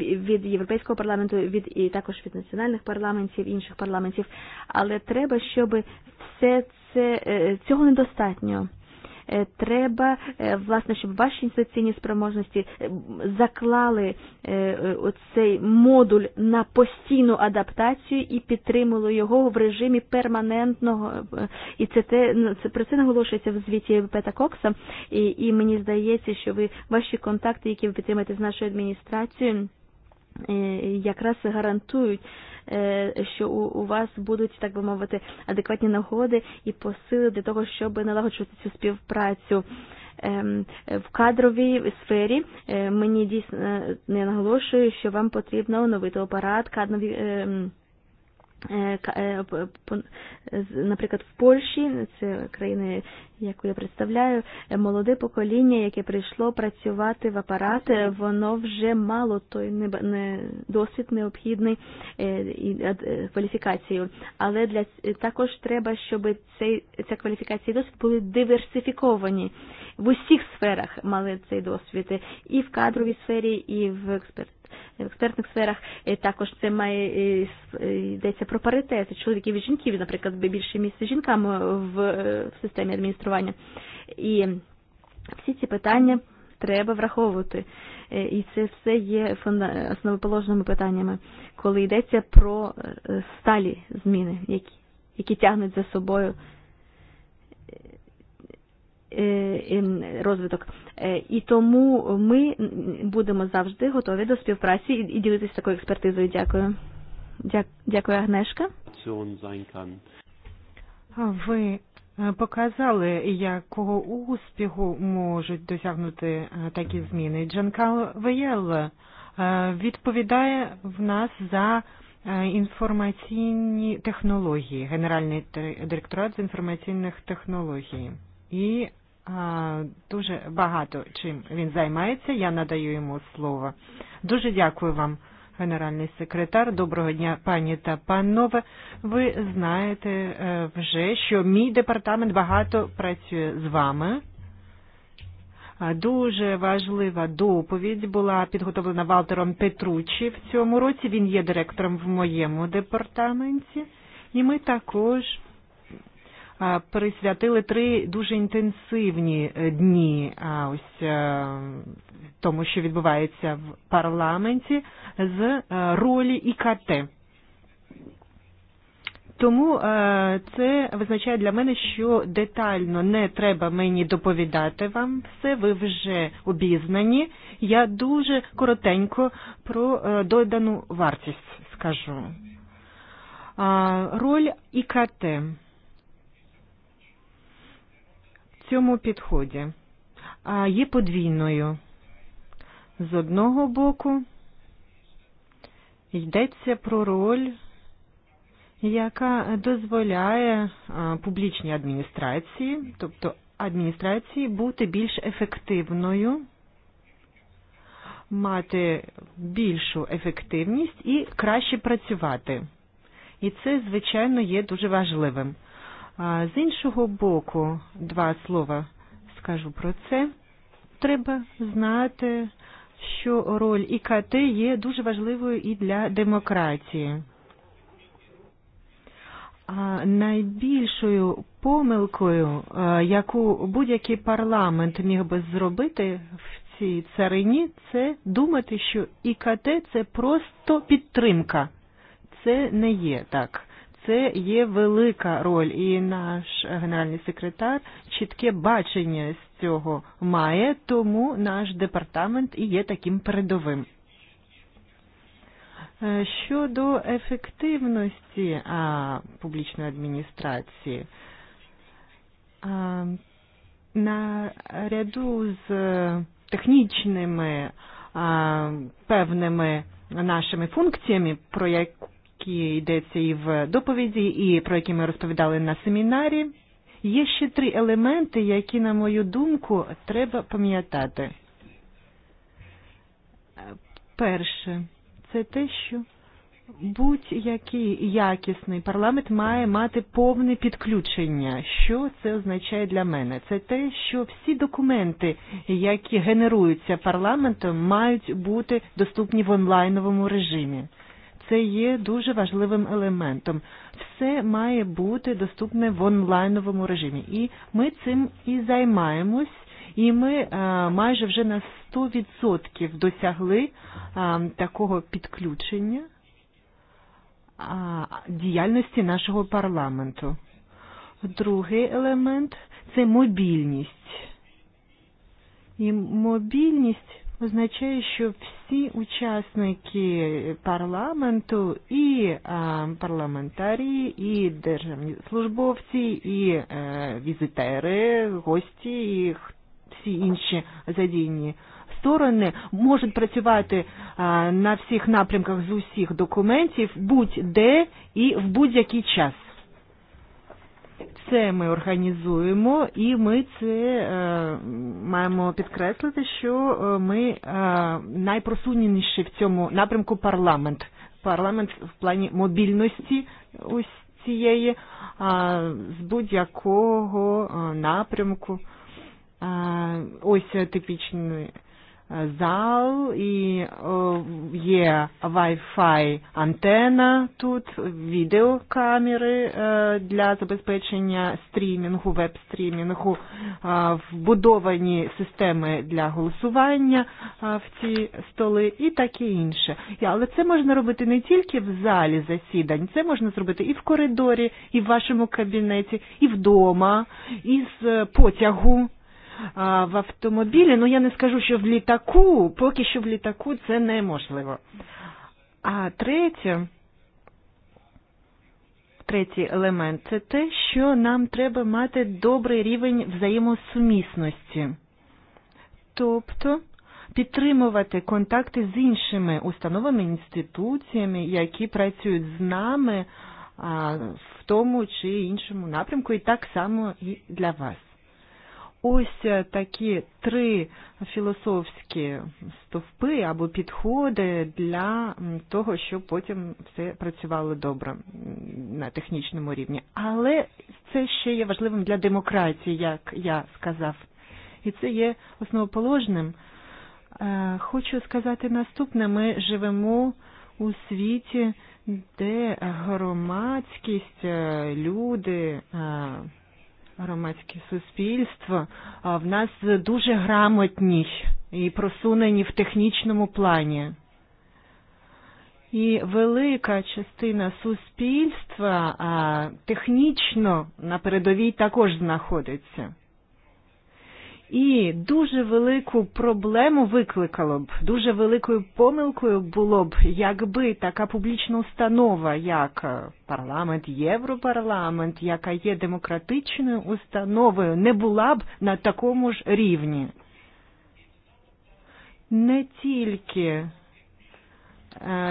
від Європейського парламенту, від і також від національних парламентів, інших парламентів. Але треба, щоб все це цього недостатньо треба власне, щоб ваші інституційні спроможності заклали цей модуль на постійну адаптацію і підтримали його в режимі перманентного і це те це про це наголошується в звіті Пета Кокса. І, і мені здається, що ви ваші контакти, які ви підтримаєте з нашою адміністрацією, якраз гарантують що у вас будуть, так би мовити, адекватні нагоди і посили для того, щоб налагоджувати цю співпрацю. В кадровій сфері мені дійсно не наголошую, що вам потрібно оновити апарат кадрові наприклад, в Польщі, це країни, яку я представляю, молоде покоління, яке прийшло працювати в апарат, воно вже мало той не, досвід необхідний кваліфікацію. Але для також треба, щоб цей ця кваліфікація і досвід були диверсифіковані в усіх сферах мали цей досвід і в кадровій сфері, і в експерт в експертних сферах, і також це має йдеться про паритет чоловіків і жінків, наприклад, більше місце жінкам в, в системі адміністрування. І всі ці питання треба враховувати. І це все є основоположними питаннями, коли йдеться про сталі зміни, які, які тягнуть за собою розвиток. І тому ми будемо завжди готові до співпраці і ділитися такою експертизою. Дякую. Дякую, Агнешка. Ви показали, якого успіху можуть досягнути такі зміни. Джанкал Веєл відповідає в нас за інформаційні технології, Генеральний директорат з інформаційних технологій и а, дуже багато чим він займається. Я надаю йому слово. Дуже дякую вам. Генеральний секретар, доброго дня, пані та панове. Ви знаєте вже, що мій департамент багато працює з вами. Дуже важлива доповідь була підготовлена Валтером Петручі в цьому році. Він є директором в моєму департаменті. І ми також присвятили три дуже інтенсивні дні ось тому, що відбувається в парламенті з ролі ІКТ. Тому це визначає для мене, що детально не треба мені доповідати вам все, ви вже обізнані. Я дуже коротенько про додану вартість скажу. Роль ІКТ – цьому підході, а є подвійною. З одного боку йдеться про роль, яка дозволяє публічній адміністрації, тобто адміністрації, бути більш ефективною, мати більшу ефективність і краще працювати. І це, звичайно, є дуже важливим. А з іншого боку, два слова скажу про це. Треба знати, що роль ІКТ є дуже важливою і для демократії. А найбільшою помилкою, яку будь-який парламент міг би зробити в цій царині, це думати, що ІКТ це просто підтримка. Це не є так це є велика роль, і наш генеральний секретар чітке бачення з цього має, тому наш департамент і є таким передовим. Щодо ефективності а, публічної адміністрації, а, наряду з технічними а, певними нашими функціями, про які які йдеться і в доповіді, і про які ми розповідали на семінарі. Є ще три елементи, які, на мою думку, треба пам'ятати. Перше, це те, що будь-який якісний парламент має мати повне підключення. Що це означає для мене? Це те, що всі документи, які генеруються парламентом, мають бути доступні в онлайновому режимі це є дуже важливим елементом. Все має бути доступне в онлайновому режимі. І ми цим і займаємось, і ми а, майже вже на 100% досягли а, такого підключення а, діяльності нашого парламенту. Другий елемент це мобільність. І мобільність означающую все участники парламенту и э, парламентарии, и державні службовці, і е, э, візитери, гості, і всі інші задіяні сторони можуть працювати е, на всіх напрямках з усіх документів будь-де і в будь-який час. Це ми організуємо, і ми це е, маємо підкреслити, що ми е, найпросуненіші в цьому напрямку парламент. Парламент в плані мобільності ось цієї е, з будь-якого напрямку. Е, ось типічний зал и е Wi-Fi антена тут, відеокамери для забезпечення стрімінгу, веб-стрімінгу, вбудовані системи для голосування в ці столи і таке інше. Але це можна робити не тільки в залі засідань, це можна зробити і в коридорі, і в вашому кабінеті, і вдома, і з потягу а, в автомобілі. Ну я не скажу, що в літаку, поки що в літаку це неможливо. А третє, третій елемент це те, що нам треба мати добрий рівень взаємосумісності. Тобто підтримувати контакти з іншими установами, інституціями, які працюють з нами в тому чи іншому напрямку, і так само і для вас. Ось э, такі три філософські стовпи або підходи для того, щоб потім все працювало добре на технічному рівні. Але це ще є важливим для демократії, як я сказав. І це є основоположним. Хочу сказати наступне, ми живемо у світі, де громадськість, люди, громадське суспільство в нас дуже грамотні і просунені в технічному плані. І велика частина суспільства а, технічно на передовій також знаходиться. І дуже велику проблему викликало б, дуже великою помилкою було б, якби така публічна установа, як парламент, Європарламент, яка є демократичною установою, не була б на такому ж рівні. Не тільки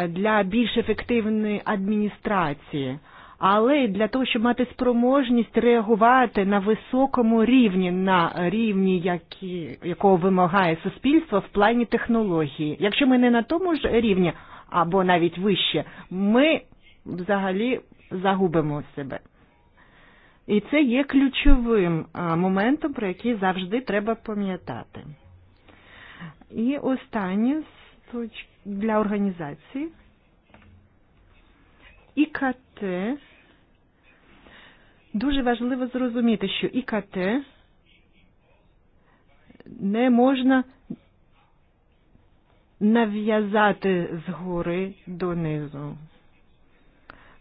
для більш ефективної адміністрації, але для того, щоб мати спроможність реагувати на високому рівні, на рівні, які, якого вимагає суспільство в плані технології. Якщо ми не на тому ж рівні або навіть вище, ми взагалі загубимо себе. І це є ключовим моментом, про який завжди треба пам'ятати. І останнє для організації. ІКТ ІКТ. Дуже важливо зрозуміти, що ІКТ не можна нав'язати згори донизу.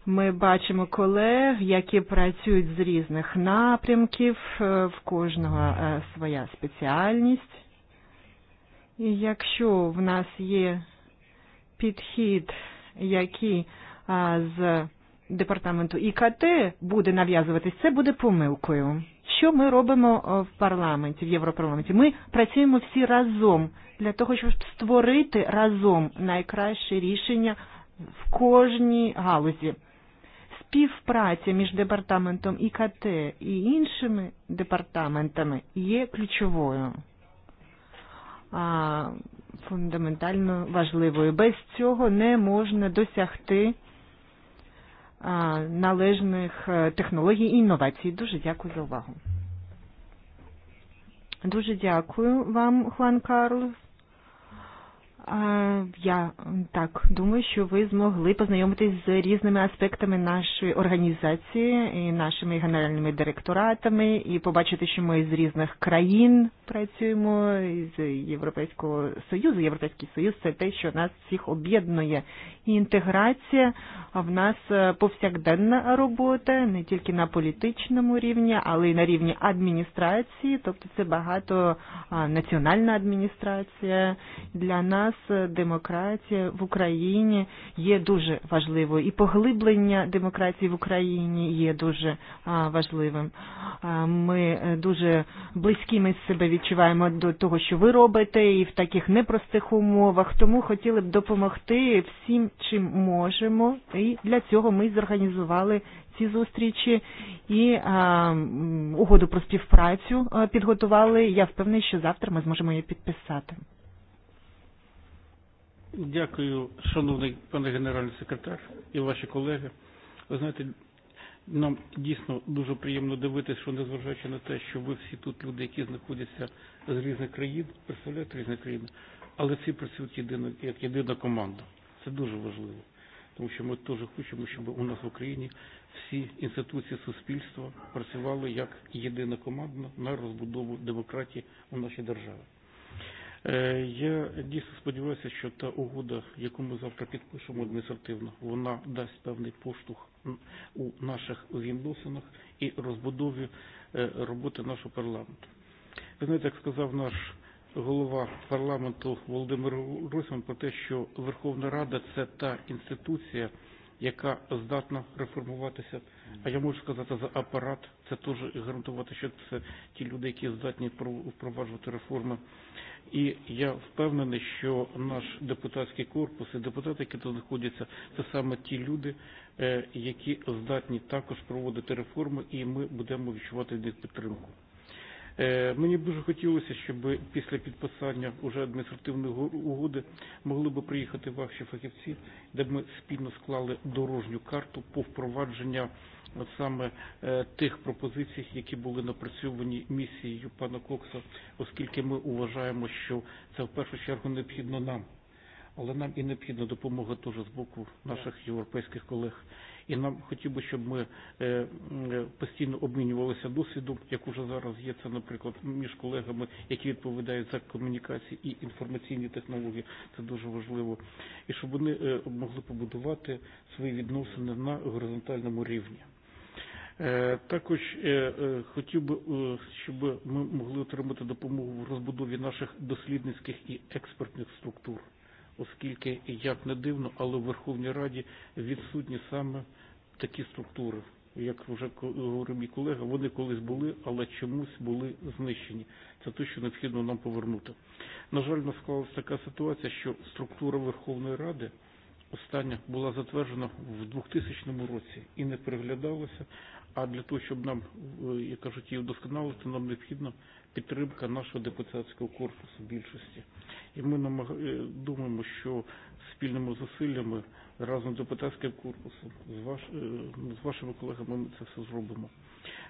Ми бачимо колег, які працюють з різних напрямків, в кожного своя спеціальність. І якщо в нас є підхід, який з департаменту ІКТ буде нав'язуватись, це буде помилкою. Що ми робимо в парламенті, в Європарламенті? Ми працюємо всі разом для того, щоб створити разом найкраще рішення в кожній галузі. Співпраця між департаментом ІКТ і іншими департаментами є ключовою, а фундаментально важливою. Без цього не можна досягти належних технологій і інновацій. Дуже дякую за увагу. Дуже дякую вам, Хуан Карлос. Я так думаю, що ви змогли познайомитись з різними аспектами нашої організації і нашими генеральними директоратами, і побачити, що ми з різних країн працюємо з Європейського союзу. Європейський союз це те, що нас всіх об'єднує. І інтеграція в нас повсякденна робота, не тільки на політичному рівні, але й на рівні адміністрації. Тобто це багато національна адміністрація для нас демократія в Україні є дуже важливою, і поглиблення демократії в Україні є дуже важливим. Ми дуже близькими себе відчуваємо до того, що ви робите, і в таких непростих умовах. Тому хотіли б допомогти всім, чим можемо. І для цього ми зорганізували ці зустрічі і а, угоду про співпрацю підготували. Я впевнений, що завтра ми зможемо її підписати. Дякую, шановний пане генеральний секретар і ваші колеги. Ви знаєте, нам дійсно дуже приємно дивитися, що незважаючи на те, що ви всі тут люди, які знаходяться з різних країн, представляють різні країни, але всі працюють єдино, як єдина команда. Це дуже важливо. Тому що ми теж хочемо, щоб у нас в Україні всі інституції суспільства працювали як єдина команда на розбудову демократії у нашій державі. Э, я дійсно сподіваюся, що та угода, яку ми завтра підпишемо адміністративно, вона дасть певний поштовх у наших відносинах і розбудові роботи нашого парламенту. Ви знаєте, як сказав наш голова парламенту Володимир Русман про те, що Верховна Рада – це та інституція – яка здатна реформуватися. А я можу сказати за апарат, це теж гарантувати, що це ті люди, які здатні впроваджувати реформи. І я впевнений, що наш депутатський корпус і депутати, які тут знаходяться, це саме ті люди, які здатні також проводити реформи, і ми будемо відчувати в них підтримку. Мені б дуже хотілося, щоб після підписання уже адміністративної угоди могли б приїхати ваші фахівці, де б ми спільно склали дорожню карту по впровадженню от саме тих пропозицій, які були напрацьовані місією пана Кокса, оскільки ми вважаємо, що це в першу чергу необхідно нам. Але нам і необхідна допомога теж з боку наших європейських колег. І нам хотів би, щоб ми э, э, постійно обмінювалися досвідом, як уже зараз є це, наприклад, між колегами, які відповідають за комунікації і інформаційні технології. Це дуже важливо. І щоб вони могли побудувати свої відносини на горизонтальному рівні. Також хотів би, щоб ми могли отримати допомогу в розбудові наших дослідницьких і експертних структур оскільки, як не дивно, але в Верховній Раді відсутні саме такі структури. Як вже говорив мій колега, вони колись були, але чомусь були знищені. Це те, що необхідно нам повернути. На жаль, насклалася склалася така ситуація, що структура Верховної Ради остання була затверджена в 2000 році і не переглядалася. А для того, щоб нам, як кажуть, її вдосконалити, нам необхідно підтримка нашого депутатського корпусу більшості. І ми намаг... думаємо, що спільними зусиллями разом з депутатським корпусом, з, ваш... з вашими колегами ми це все зробимо.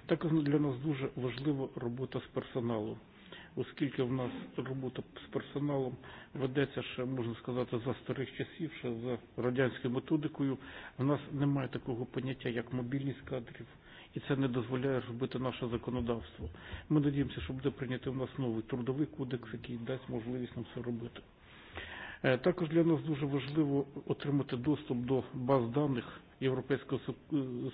Також для нас дуже важлива робота з персоналом, оскільки в нас робота з персоналом ведеться ще, можна сказати, за старих часів, ще за радянською методикою. В нас немає такого поняття, як мобільність кадрів – і це не дозволяє робити наше законодавство. Ми надіємося, що буде прийнятий в нас новий трудовий кодекс, який дасть можливість нам це робити. Також для нас дуже важливо отримати доступ до баз даних Європейського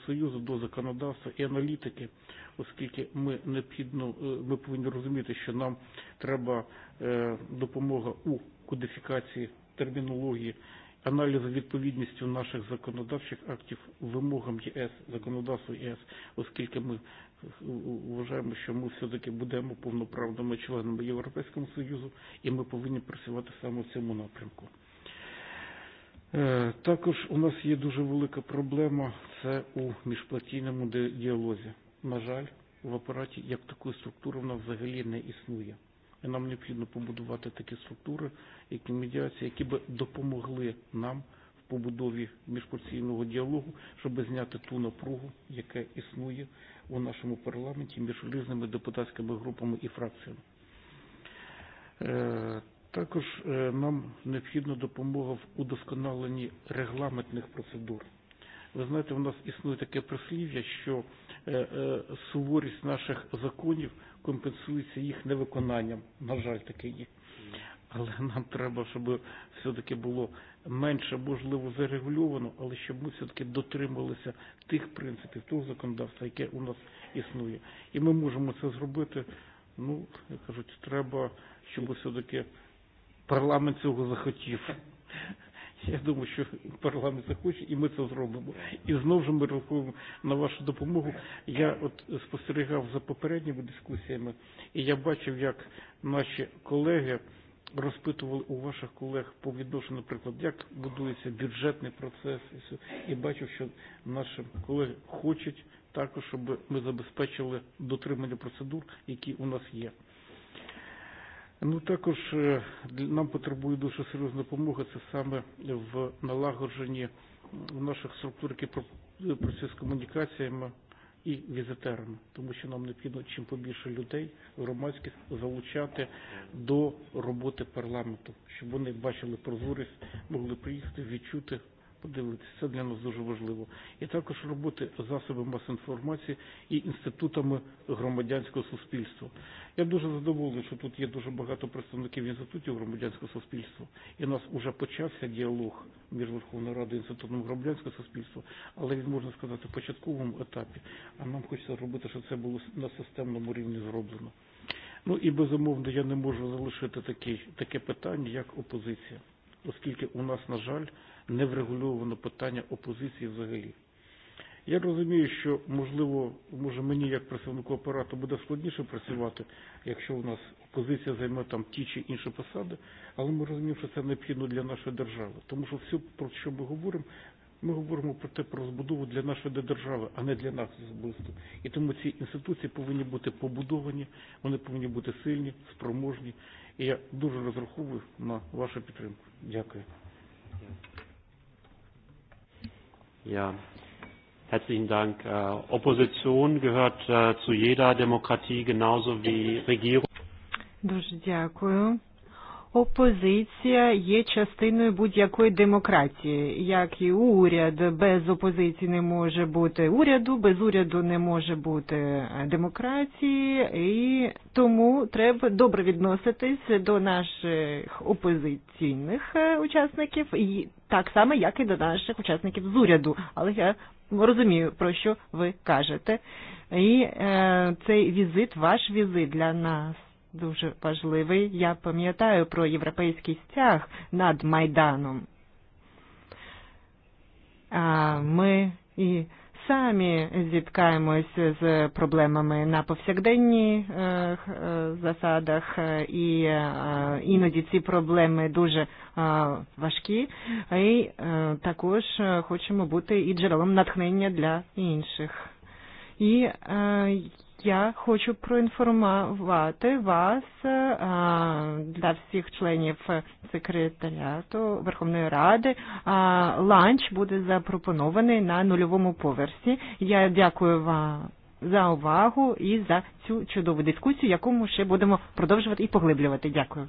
Союзу, до законодавства і аналітики, оскільки ми необхідно, ми повинні розуміти, що нам треба допомога у кодифікації термінології анализа відповідності наших законодавчих актів вимогам ЄС, законодавству ЄС, оскільки ми вважаємо, що ми все-таки будемо повноправними членами Європейського Союзу і ми повинні працювати саме в цьому напрямку. Також у нас є дуже велика проблема це у міжплатійному діалозі. На жаль, в апараті як такої структури вона взагалі не існує. І нам необхідно побудувати такі структури, які медіації, які би допомогли нам в побудові міжпорційного діалогу, щоб зняти ту напругу, яка існує у нашому парламенті між різними депутатськими групами і фракціями. Також нам необхідна допомога в удосконаленні регламентних процедур. Ви знаєте, в нас існує таке прислів'я, що э, э, суворість наших законів компенсується їх невиконанням. На жаль, таке є. Але нам треба, щоб все-таки було менше, можливо, зарегульовано, але щоб ми все-таки дотримувалися тих принципів, того законодавства, яке у нас існує. І ми можемо це зробити, ну, як кажуть, треба, щоб все-таки парламент цього захотів. Я думаю, що парламент захоче, і ми це зробимо. І знову ж ми рахуємо на вашу допомогу. Я от спостерігав за попередніми дискусіями, і я бачив, як наші колеги розпитували у ваших колег по відношенню, наприклад, як будується бюджетний процес, і, все. і бачив, що наші колеги хочуть також, щоб ми забезпечили дотримання процедур, які у нас є. Ну також нам потребує дуже серйозна допомога, це саме в налагодженні наших структур, які працюють з комунікаціями і візитерами, тому що нам необхідно чим побільше людей, громадськість залучати до роботи парламенту, щоб вони бачили прозорість, могли приїхати, відчути подивитися. Це для нас дуже важливо. І також роботи засоби інформації і інститутами громадянського суспільства. Я дуже задоволений, що тут є дуже багато представників інститутів громадянського суспільства. І у нас вже почався діалог між Верховною Радою і Інститутом громадянського суспільства, але він, можна сказати, в початковому етапі. А нам хочеться робити, щоб це було на системному рівні зроблено. Ну і безумовно я не можу залишити такі, таке питання, як опозиція. Оскільки у нас, на жаль, не врегульовано питання опозиції взагалі. Я розумію, що можливо, може мені як працівнику апарату буде складніше працювати, якщо у нас опозиція займе там ті чи інші посади, але ми розуміємо, що це необхідно для нашої держави. Тому що все, про що ми говоримо, ми говоримо про те, про розбудову для нашої держави, а не для нас особисто. І тому ці інституції повинні бути побудовані, вони повинні бути сильні, спроможні. І я дуже розраховую на вашу підтримку. Дякую. Ja, herzlichen Dank. Äh, Opposition gehört äh, zu jeder Demokratie genauso wie Regierung. Дуже дякую. Опозиція є частиною будь-якої демократії, як і уряд. Без опозиції не може бути уряду, без уряду не може бути демократії, і тому треба добре відноситись до наших опозиційних учасників. І так само, як і до наших учасників з уряду. Але я розумію, про що ви кажете. І е, цей візит, ваш візит для нас дуже важливий. Я пам'ятаю про європейський стяг над Майданом. А, ми і самі зіткаємось з проблемами на повседневных засадах, і іноді ці проблеми дуже важкі, и також хочемо бути і джерелом натхнення для інших. І я хочу проінформувати вас для всіх членів секретаріату Верховної Ради. Ланч буде запропонований на нульовому поверсі. Я дякую вам за увагу і за цю чудову дискусію, яку ми ще будемо продовжувати і поглиблювати. Дякую.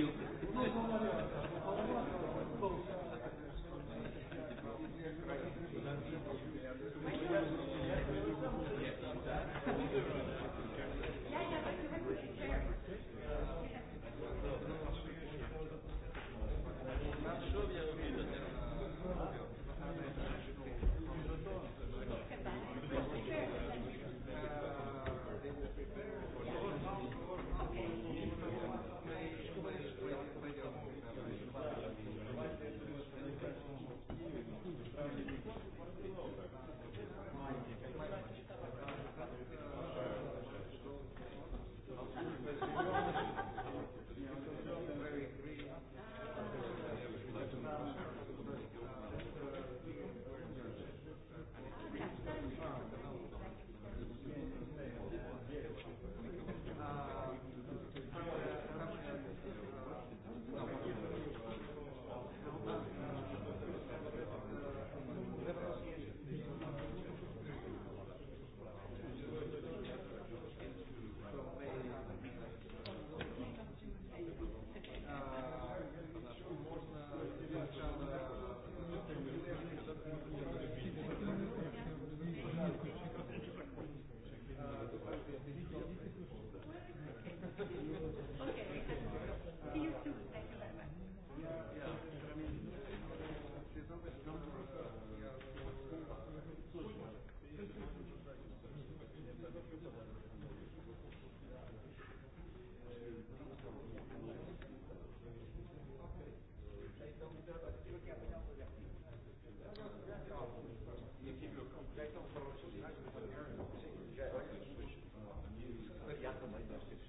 But you have to